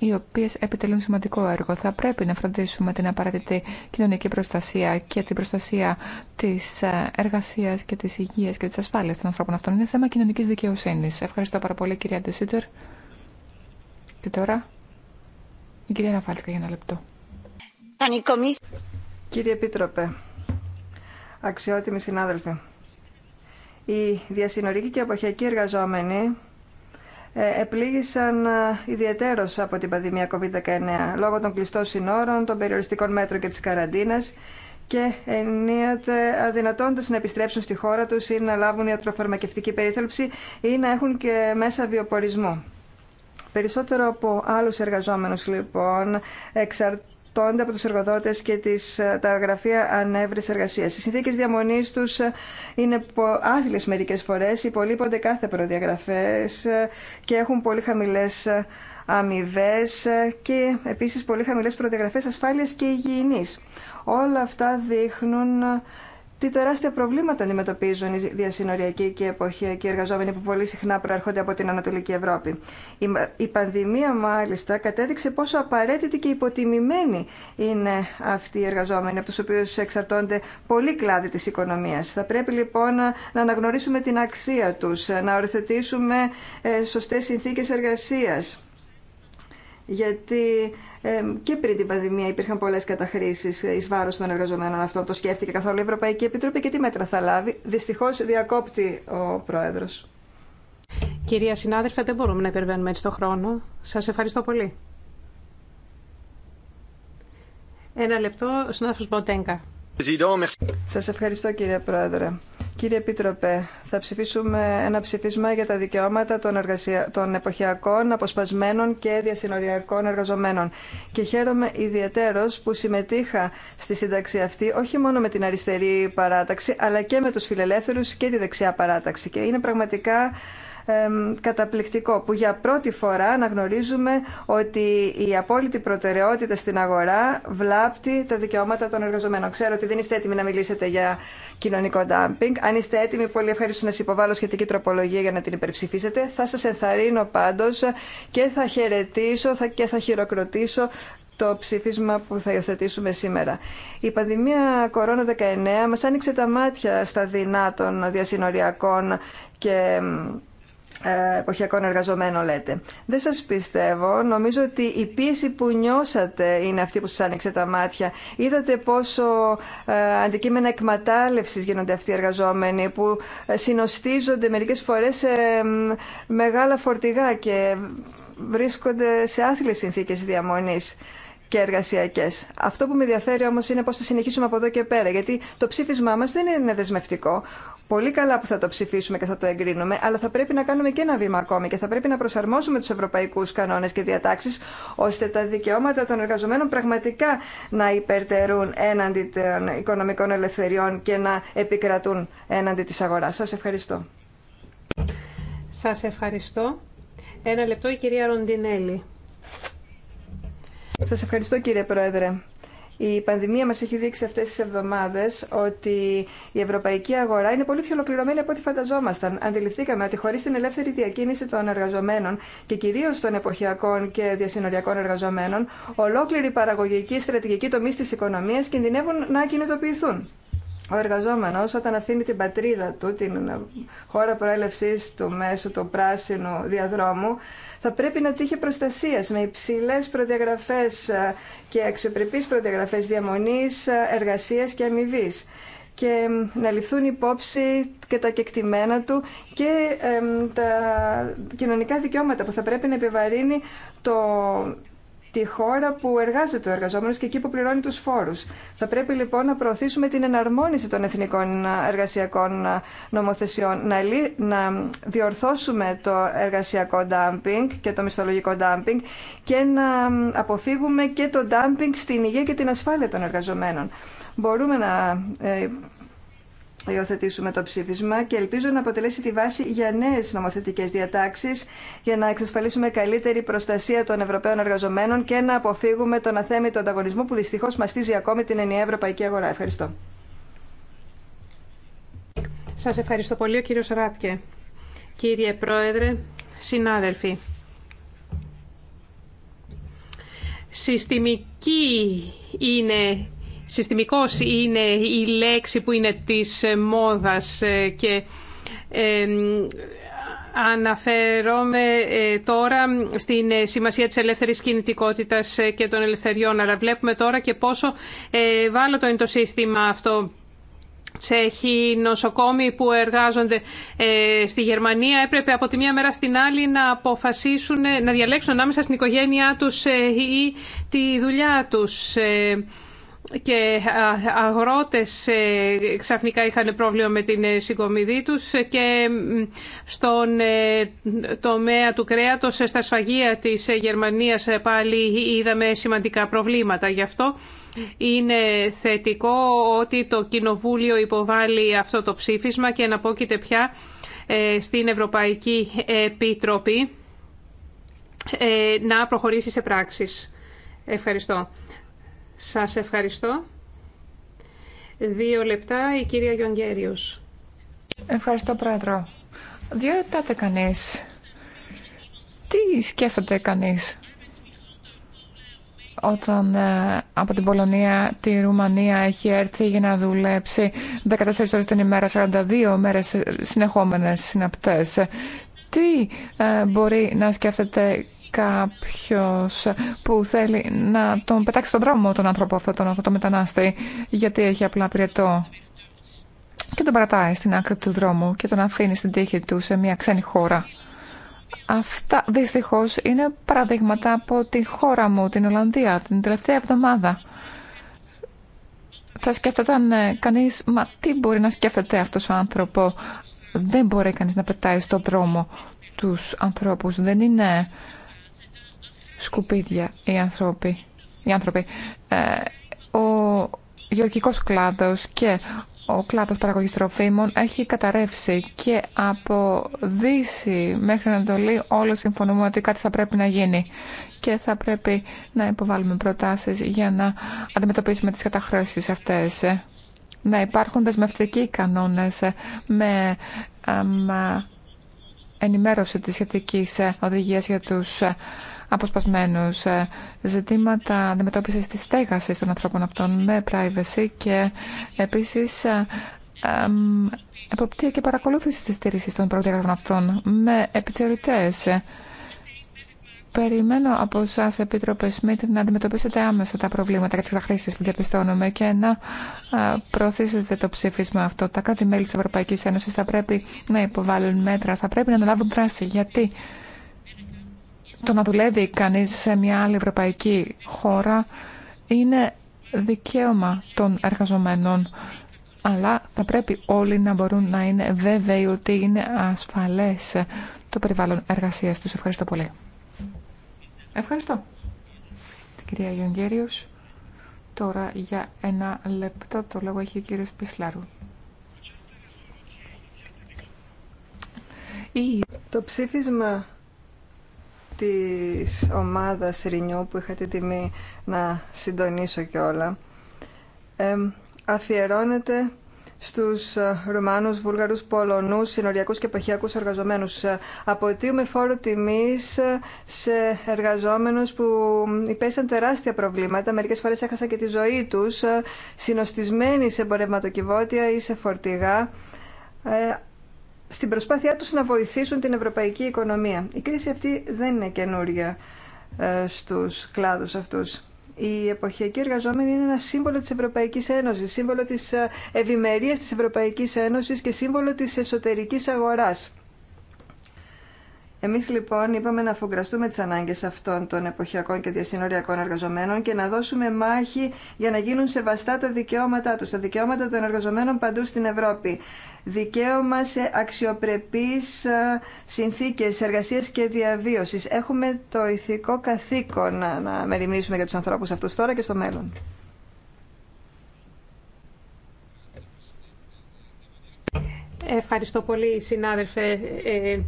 οι οποίες επιτελούν σημαντικό έργο. Θα πρέπει να φροντίσουμε την απαραίτητη κοινωνική προστασία και την προστασία της ε, εργασίας και της υγείας και της ασφάλειας των ανθρώπων αυτών. Είναι θέμα κοινωνικής δικαιοσύνης. Ευχαριστώ πάρα πολύ κυρία Ντεσίτερ. Και τώρα η κυρία Ραφάλσκα για ένα λεπτό. Κύριε Επίτροπε, αξιότιμοι συνάδελφοι. Οι διασυνορικοί και εποχιακοί εργαζόμενοι ε, επλήγησαν ε, ιδιαίτερως από την πανδημία COVID-19 λόγω των κλειστών συνόρων, των περιοριστικών μέτρων και της καραντίνας και ενίοτε αδυνατώντα να επιστρέψουν στη χώρα τους ή να λάβουν ιατροφαρμακευτική περίθαλψη ή να έχουν και μέσα βιοπορισμού. Περισσότερο από άλλους εργαζόμενους λοιπόν εξαρτάται εξαρτώνται από τους εργοδότες και τις, τα γραφεία ανέβρης εργασίας. Οι συνθήκε διαμονής τους είναι άθλιες μερικές φορές, υπολείπονται κάθε προδιαγραφές και έχουν πολύ χαμηλές αμοιβέ και επίσης πολύ χαμηλές προδιαγραφές ασφάλειας και υγιεινής. Όλα αυτά δείχνουν τι τεράστια προβλήματα αντιμετωπίζουν οι διασυνοριακοί και εποχιακοί εργαζόμενοι που πολύ συχνά προέρχονται από την Ανατολική Ευρώπη. Η πανδημία μάλιστα κατέδειξε πόσο απαραίτητοι και υποτιμημένοι είναι αυτοί οι εργαζόμενοι, από του οποίου εξαρτώνται πολλοί κλάδοι τη οικονομία. Θα πρέπει λοιπόν να αναγνωρίσουμε την αξία του, να οριθετήσουμε ε, σωστέ συνθήκε εργασία γιατί ε, και πριν την πανδημία υπήρχαν πολλές καταχρήσεις ε, εις βάρος των εργαζομένων αυτών Το σκέφτηκε καθόλου η Ευρωπαϊκή Επιτροπή και τι μέτρα θα λάβει. Δυστυχώς διακόπτει ο Πρόεδρος. Κυρία συνάδελφε, δεν μπορούμε να υπερβαίνουμε έτσι το χρόνο. Σας ευχαριστώ πολύ. Ένα λεπτό, συνάδελφος Μποτέγκα. Σας ευχαριστώ κύριε Πρόεδρε. Κύριε Επίτροπε, θα ψηφίσουμε ένα ψηφίσμα για τα δικαιώματα των, εργασία... των εποχιακών, αποσπασμένων και διασυνοριακών εργαζομένων. Και χαίρομαι ιδιαίτερος που συμμετείχα στη σύνταξη αυτή, όχι μόνο με την αριστερή παράταξη, αλλά και με τους φιλελεύθερους και τη δεξιά παράταξη. Και είναι πραγματικά καταπληκτικό που για πρώτη φορά αναγνωρίζουμε ότι η απόλυτη προτεραιότητα στην αγορά βλάπτει τα δικαιώματα των εργαζομένων. Ξέρω ότι δεν είστε έτοιμοι να μιλήσετε για κοινωνικό ντάμπινγκ. Αν είστε έτοιμοι, πολύ ευχαριστώ να σα υποβάλω σχετική τροπολογία για να την υπερψηφίσετε. Θα σα ενθαρρύνω πάντω και θα χαιρετήσω και θα χειροκροτήσω το ψήφισμα που θα υιοθετήσουμε σήμερα. Η πανδημία κορώνα 19 μας άνοιξε τα μάτια στα δεινά των διασυνοριακών και ε, εποχιακών εργαζομένων λέτε. Δεν σας πιστεύω. Νομίζω ότι η πίεση που νιώσατε είναι αυτή που σας άνοιξε τα μάτια. Είδατε πόσο ε, αντικείμενα εκμετάλλευση γίνονται αυτοί οι εργαζόμενοι που ε, συνοστίζονται μερικές φορές σε μεγάλα φορτηγά και βρίσκονται σε άθλιες συνθήκες διαμονής και εργασιακέ. Αυτό που με ενδιαφέρει όμω είναι πώ θα συνεχίσουμε από εδώ και πέρα. Γιατί το ψήφισμά μα δεν είναι δεσμευτικό πολύ καλά που θα το ψηφίσουμε και θα το εγκρίνουμε, αλλά θα πρέπει να κάνουμε και ένα βήμα ακόμη και θα πρέπει να προσαρμόσουμε του ευρωπαϊκού κανόνε και διατάξει, ώστε τα δικαιώματα των εργαζομένων πραγματικά να υπερτερούν έναντι των οικονομικών ελευθεριών και να επικρατούν έναντι τη αγορά. Σα ευχαριστώ. Σας ευχαριστώ. Ένα λεπτό η κυρία Ροντινέλη. Σα ευχαριστώ κύριε Πρόεδρε. Η πανδημία μας έχει δείξει αυτές τις εβδομάδες ότι η ευρωπαϊκή αγορά είναι πολύ πιο ολοκληρωμένη από ό,τι φανταζόμασταν. Αντιληφθήκαμε ότι χωρίς την ελεύθερη διακίνηση των εργαζομένων και κυρίως των εποχιακών και διασυνοριακών εργαζομένων, ολόκληρη παραγωγική στρατηγική τομή της οικονομίας κινδυνεύουν να κινητοποιηθούν ο εργαζόμενο, όταν αφήνει την πατρίδα του, την ε, χώρα προέλευσής του μέσω του πράσινου διαδρόμου, θα πρέπει να τύχει προστασία με υψηλέ προδιαγραφές ε, και αξιοπρεπεί προδιαγραφές διαμονής, ε, εργασία και αμοιβή και να ληφθούν υπόψη και τα κεκτημένα του και τα κοινωνικά δικαιώματα που θα πρέπει να επιβαρύνει το η χώρα που εργάζεται ο εργαζόμενο και εκεί που πληρώνει του φόρου. Θα πρέπει λοιπόν να προωθήσουμε την εναρμόνιση των εθνικών εργασιακών νομοθεσιών, να διορθώσουμε το εργασιακό dumping και το μισθολογικό dumping και να αποφύγουμε και το dumping στην υγεία και την ασφάλεια των εργαζομένων. Μπορούμε να ε, θα υιοθετήσουμε το ψήφισμα και ελπίζω να αποτελέσει τη βάση για νέε νομοθετικέ διατάξει για να εξασφαλίσουμε καλύτερη προστασία των Ευρωπαίων εργαζομένων και να αποφύγουμε τον αθέμητο ανταγωνισμό που δυστυχώ μαστίζει ακόμη την ενιαία ευρωπαϊκή αγορά. Ευχαριστώ. Σας ευχαριστώ πολύ, ο κύριος Ράτκε. Κύριε Πρόεδρε, συνάδελφοι. Συστημική είναι Συστημικός είναι η λέξη που είναι της μόδας ε, και ε, αναφέρομαι ε, τώρα στην σημασία της ελεύθερης κινητικότητας και των ελευθεριών, αλλά βλέπουμε τώρα και πόσο βάλλοντο είναι το σύστημα αυτό. Τσέχοι νοσοκόμοι που εργάζονται στη Γερμανία έπρεπε από τη μία μέρα στην άλλη να αποφασίσουν να διαλέξουν ανάμεσα στην οικογένειά τους ή τη δουλειά τους και αγρότες ε, ξαφνικά είχαν πρόβλημα με την ε, συγκομιδή τους και στον ε, τομέα του κρέατος στα σφαγεία της Γερμανίας πάλι είδαμε σημαντικά προβλήματα. Γι' αυτό είναι θετικό ότι το Κοινοβούλιο υποβάλλει αυτό το ψήφισμα και να αναπόκειται πια στην Ευρωπαϊκή Επιτροπή να προχωρήσει σε πράξεις. Ευχαριστώ. Σας ευχαριστώ. Δύο λεπτά η κυρία Γιονγκέριος. Ευχαριστώ πρόεδρο. Διαρωτάται κανείς. Τι σκέφτεται κανείς όταν ε, από την Πολωνία τη Ρουμανία έχει έρθει για να δουλέψει 14 ώρες την ημέρα, 42 μέρες συνεχόμενες συναπτές. Τι ε, μπορεί να σκέφτεται κάποιος που θέλει να τον πετάξει στον δρόμο τον άνθρωπο αυτό, τον, αυτό το μετανάστη, γιατί έχει απλά πυρετό και τον παρατάει στην άκρη του δρόμου και τον αφήνει στην τύχη του σε μια ξένη χώρα. Αυτά δυστυχώς είναι παραδείγματα από τη χώρα μου, την Ολλανδία, την τελευταία εβδομάδα. Θα σκέφτονταν ε, κανείς, μα τι μπορεί να σκέφτεται αυτός ο άνθρωπο. Δεν μπορεί κανείς να πετάει στον δρόμο τους ανθρώπους. Δεν είναι σκουπίδια οι άνθρωποι. Οι άνθρωποι. Ε, ο γεωργικός κλάδος και ο κλάδος παραγωγής τροφίμων έχει καταρρεύσει και από Δύση μέχρι Ανατολή όλοι συμφωνούμε ότι κάτι θα πρέπει να γίνει και θα πρέπει να υποβάλουμε προτάσεις για να αντιμετωπίσουμε τις καταχρώσεις αυτές. Ε, να υπάρχουν δεσμευτικοί κανόνες ε, με ενημέρωση της σχετικής οδηγίας για τους Αποσπασμένου, ε, ζητήματα αντιμετώπισης της στέγασης των ανθρώπων αυτών με privacy και επίσης ε, εποπτεία και παρακολούθηση της στήριξης των προδιαγραφών αυτών με επιθεωρητές. Περιμένω από εσά, Επίτροπε Σμιτ, να αντιμετωπίσετε άμεσα τα προβλήματα και τι καταχρήσει που διαπιστώνουμε και να ε, προωθήσετε το ψήφισμα αυτό. Τα κράτη-μέλη τη Ευρωπαϊκή Ένωση θα πρέπει να υποβάλουν μέτρα, θα πρέπει να αναλάβουν δράση. Γιατί το να δουλεύει κανείς σε μια άλλη ευρωπαϊκή χώρα είναι δικαίωμα των εργαζομένων αλλά θα πρέπει όλοι να μπορούν να είναι βέβαιοι ότι είναι ασφαλές το περιβάλλον εργασίας τους. Ευχαριστώ πολύ. Ευχαριστώ. Την κυρία Γιονγκέριος. Τώρα για ένα λεπτό το λόγο έχει ο κύριος Πισλάρου. Το ψήφισμα της ομάδας Ρινιού που είχα την τιμή να συντονίσω και όλα αφιερώνεται στους ε, Ρουμάνους, Βούλγαρους, Πολωνούς, συνοριακούς και παχιακούς εργαζομένους. Ε, αποτείουμε φόρο τιμής ε, σε εργαζόμενους που υπέσαν τεράστια προβλήματα. Μερικές φορές έχασαν και τη ζωή τους, συνοστισμένοι σε εμπορευματοκιβώτια ή σε φορτηγά στην προσπάθειά τους να βοηθήσουν την ευρωπαϊκή οικονομία. Η κρίση αυτή δεν είναι καινούρια ε, στους κλάδους αυτούς. Οι εποχιακοί εργαζόμενοι είναι ένα σύμβολο της Ευρωπαϊκής Ένωσης, σύμβολο της ε, ευημερίας της Ευρωπαϊκής Ένωσης και σύμβολο της εσωτερικής αγοράς. Εμείς λοιπόν είπαμε να αφογκραστούμε τις ανάγκες αυτών των εποχιακών και διασυνοριακών εργαζομένων και να δώσουμε μάχη για να γίνουν σεβαστά τα δικαιώματά τους, τα δικαιώματα των εργαζομένων παντού στην Ευρώπη. Δικαίωμα σε αξιοπρεπείς ε, συνθήκες εργασίας και διαβίωσης. Έχουμε το ηθικό καθήκον να, να μεριμνήσουμε για τους ανθρώπους αυτούς τώρα και στο μέλλον. Ευχαριστώ πολύ συνάδελφε. Ε,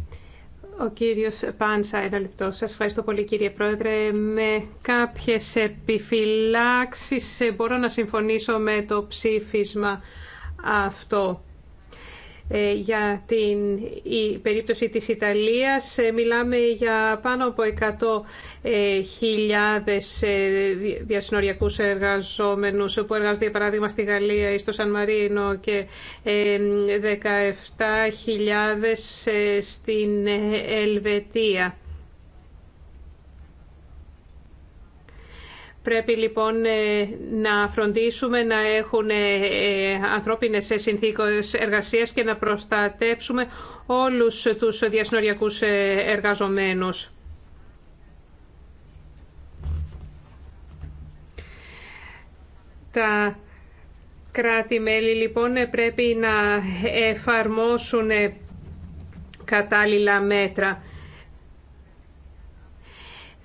ο κύριος Πάνσα, ένα λεπτό. Σας ευχαριστώ πολύ κύριε Πρόεδρε. Με κάποιες επιφυλάξεις ε, μπορώ να συμφωνήσω με το ψήφισμα αυτό. Ε, για την η περίπτωση της Ιταλίας ε, μιλάμε για πάνω από 100.000 ε, διασυνοριακούς εργαζόμενους που εργάζονται για παράδειγμα στη Γαλλία ή στο Σαν Μαρίνο και 17.000 στην Ελβετία. Πρέπει λοιπόν ε, να φροντίσουμε να έχουν ε, ε, ανθρώπινες συνθήκες εργασίας και να προστατέψουμε όλους τους διασυνοριακούς εργαζομένους. Τα κράτη-μέλη λοιπόν πρέπει να εφαρμόσουν κατάλληλα μέτρα.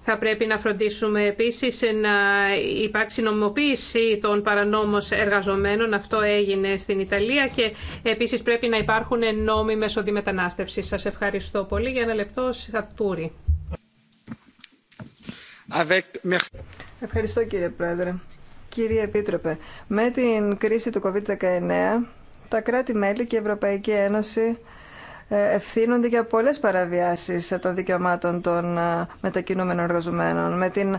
Θα πρέπει να φροντίσουμε επίσης να υπάρξει νομοποίηση των παρανόμως εργαζομένων. Αυτό έγινε στην Ιταλία και επίσης πρέπει να υπάρχουν νόμοι μέσοδοι μετανάστευση. Σας ευχαριστώ πολύ. Για ένα λεπτό, Σατούρη. Ευχαριστώ κύριε Πρόεδρε. Κύριε Επίτροπε, με την κρίση του COVID-19, τα κράτη-μέλη και η Ευρωπαϊκή Ένωση ε, ευθύνονται για πολλές παραβιάσεις των δικαιωμάτων των ε, μετακινούμενων εργαζομένων. Με την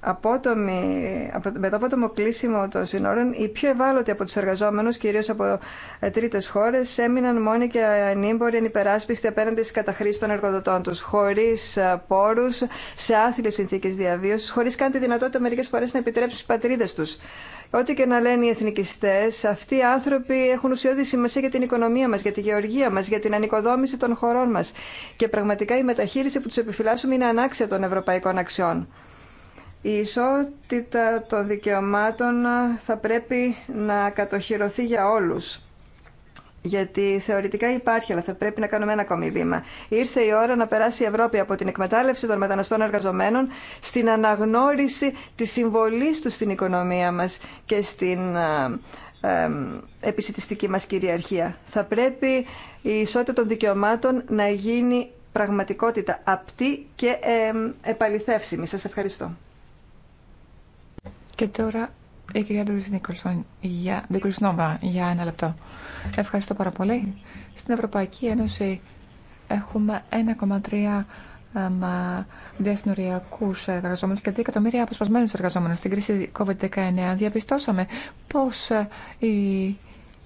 απότομη, με το απότομο κλείσιμο των συνόρων, οι πιο ευάλωτοι από τους εργαζόμενους, κυρίως από ε, τρίτες χώρες, έμειναν μόνοι και ανήμποροι, ανυπεράσπιστοι απέναντι στις καταχρήσεις των εργοδοτών τους, χωρίς πόρους, σε άθλιες συνθήκες διαβίωσης, χωρίς καν τη δυνατότητα μερικές φορές να επιτρέψουν στις πατρίδες τους Ό,τι και να λένε οι εθνικιστέ, αυτοί οι άνθρωποι έχουν ουσιώδη σημασία για την οικονομία μα, για τη γεωργία μα, για την ανοικοδόμηση των χωρών μα. Και πραγματικά η μεταχείριση που του επιφυλάσσουμε είναι ανάξια των ευρωπαϊκών αξιών. Η ισότητα των δικαιωμάτων θα πρέπει να κατοχυρωθεί για όλους γιατί θεωρητικά υπάρχει, αλλά θα πρέπει να κάνουμε ένα ακόμη βήμα. Ήρθε η ώρα να περάσει η Ευρώπη από την εκμετάλλευση των μεταναστών εργαζομένων στην αναγνώριση της συμβολής του στην οικονομία μας και στην ε, επισητιστική μας κυριαρχία. Θα πρέπει η ισότητα των δικαιωμάτων να γίνει πραγματικότητα απτή και ε, επαληθεύσιμη. Σας ευχαριστώ. Και τώρα η ε, κυρία Νίκολσον για ένα λεπτό. Ευχαριστώ πάρα πολύ. Στην Ευρωπαϊκή Ένωση έχουμε 1,3 διασυνοριακού εργαζόμενου και 2 εκατομμύρια αποσπασμένου εργαζόμενου. Στην κρίση COVID-19 διαπιστώσαμε πώ ε,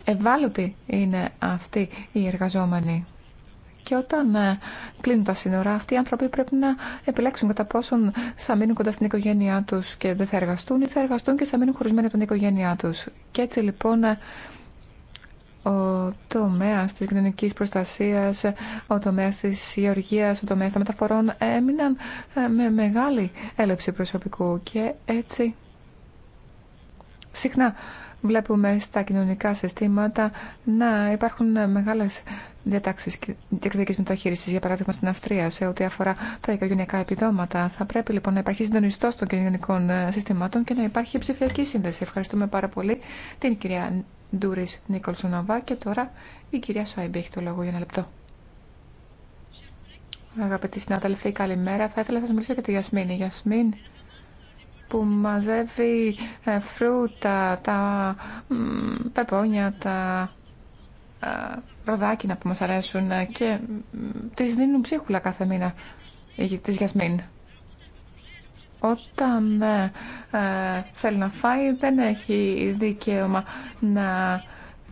ευάλωτοι είναι αυτοί οι εργαζόμενοι. Και όταν ε, κλείνουν τα σύνορα, αυτοί οι άνθρωποι πρέπει να επιλέξουν κατά πόσον θα μείνουν κοντά στην οικογένειά του και δεν θα εργαστούν ή θα εργαστούν και θα μείνουν χωρισμένοι από την οικογένειά του. Και έτσι λοιπόν ε, ο τομέα τη κοινωνική προστασία, ο τομέα τη γεωργία, ο τομέα των μεταφορών έμειναν ε, με μεγάλη έλεψη προσωπικού και έτσι συχνά βλέπουμε στα κοινωνικά συστήματα να υπάρχουν μεγάλες διατάξει διακριτική μεταχείριση, για παράδειγμα στην Αυστρία, σε ό,τι αφορά τα οικογενειακά επιδόματα. Θα πρέπει λοιπόν να υπάρχει συντονιστό των κοινωνικών ε, συστημάτων και να υπάρχει ψηφιακή σύνδεση. Ευχαριστούμε πάρα πολύ την κυρία Ντούρι Νίκολσονοβά και τώρα η κυρία Σάιμπη έχει το λόγο για ένα λεπτό. Αγαπητοί συνάδελφοι, καλημέρα. Θα ήθελα να σα μιλήσω για τη Γιασμίνη. Γιασμίν που μαζεύει ε, φρούτα, τα πεπόνια, τα ροδάκινα που μας αρέσουν και τις δίνουν ψίχουλα κάθε μήνα της Γιασμίν. Όταν ε, ε, θέλει να φάει δεν έχει δικαίωμα να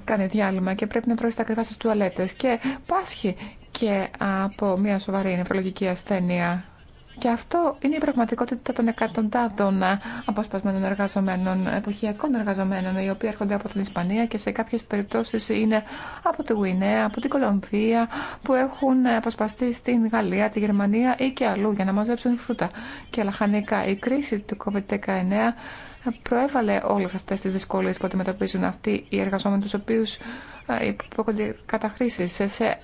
κάνει διάλειμμα και πρέπει να τρώει στα κρυφά στις τουαλέτες και πάσχει και από μια σοβαρή νευρολογική ασθένεια και αυτό είναι η πραγματικότητα των εκατοντάδων αποσπασμένων εργαζομένων, εποχιακών εργαζομένων, οι οποίοι έρχονται από την Ισπανία και σε κάποιε περιπτώσει είναι από τη Γουινέα, από την Κολομβία, που έχουν αποσπαστεί στην Γαλλία, τη Γερμανία ή και αλλού για να μαζέψουν φρούτα και λαχανικά. Η κρίση του COVID-19 προέβαλε όλες αυτές τις δυσκολίες που αντιμετωπίζουν αυτοί οι εργαζόμενοι τους οποίους ε, υπόκονται καταχρήσεις σε ε,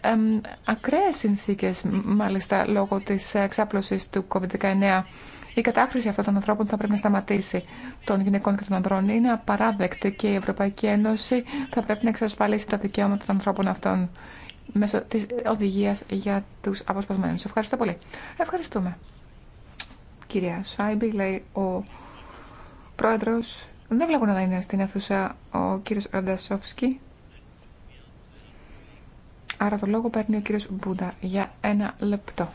ακραίες συνθήκες μάλιστα λόγω της εξάπλωσης του COVID-19. Η κατάχρηση αυτών των ανθρώπων θα πρέπει να σταματήσει των γυναικών και των ανδρών. Είναι απαράδεκτη και η Ευρωπαϊκή Ένωση θα πρέπει να εξασφαλίσει τα δικαιώματα των ανθρώπων αυτών μέσω τη οδηγία για του αποσπασμένου. Ευχαριστώ πολύ. Ευχαριστούμε. Κυρία Σάιμπη, λέει ο Πρόεδρος, δεν βλέπω να είναι στην αίθουσα ο κύριος Ραντασόφσκι. Άρα το λόγο παίρνει ο κύριος Μπούντα για ένα λεπτό.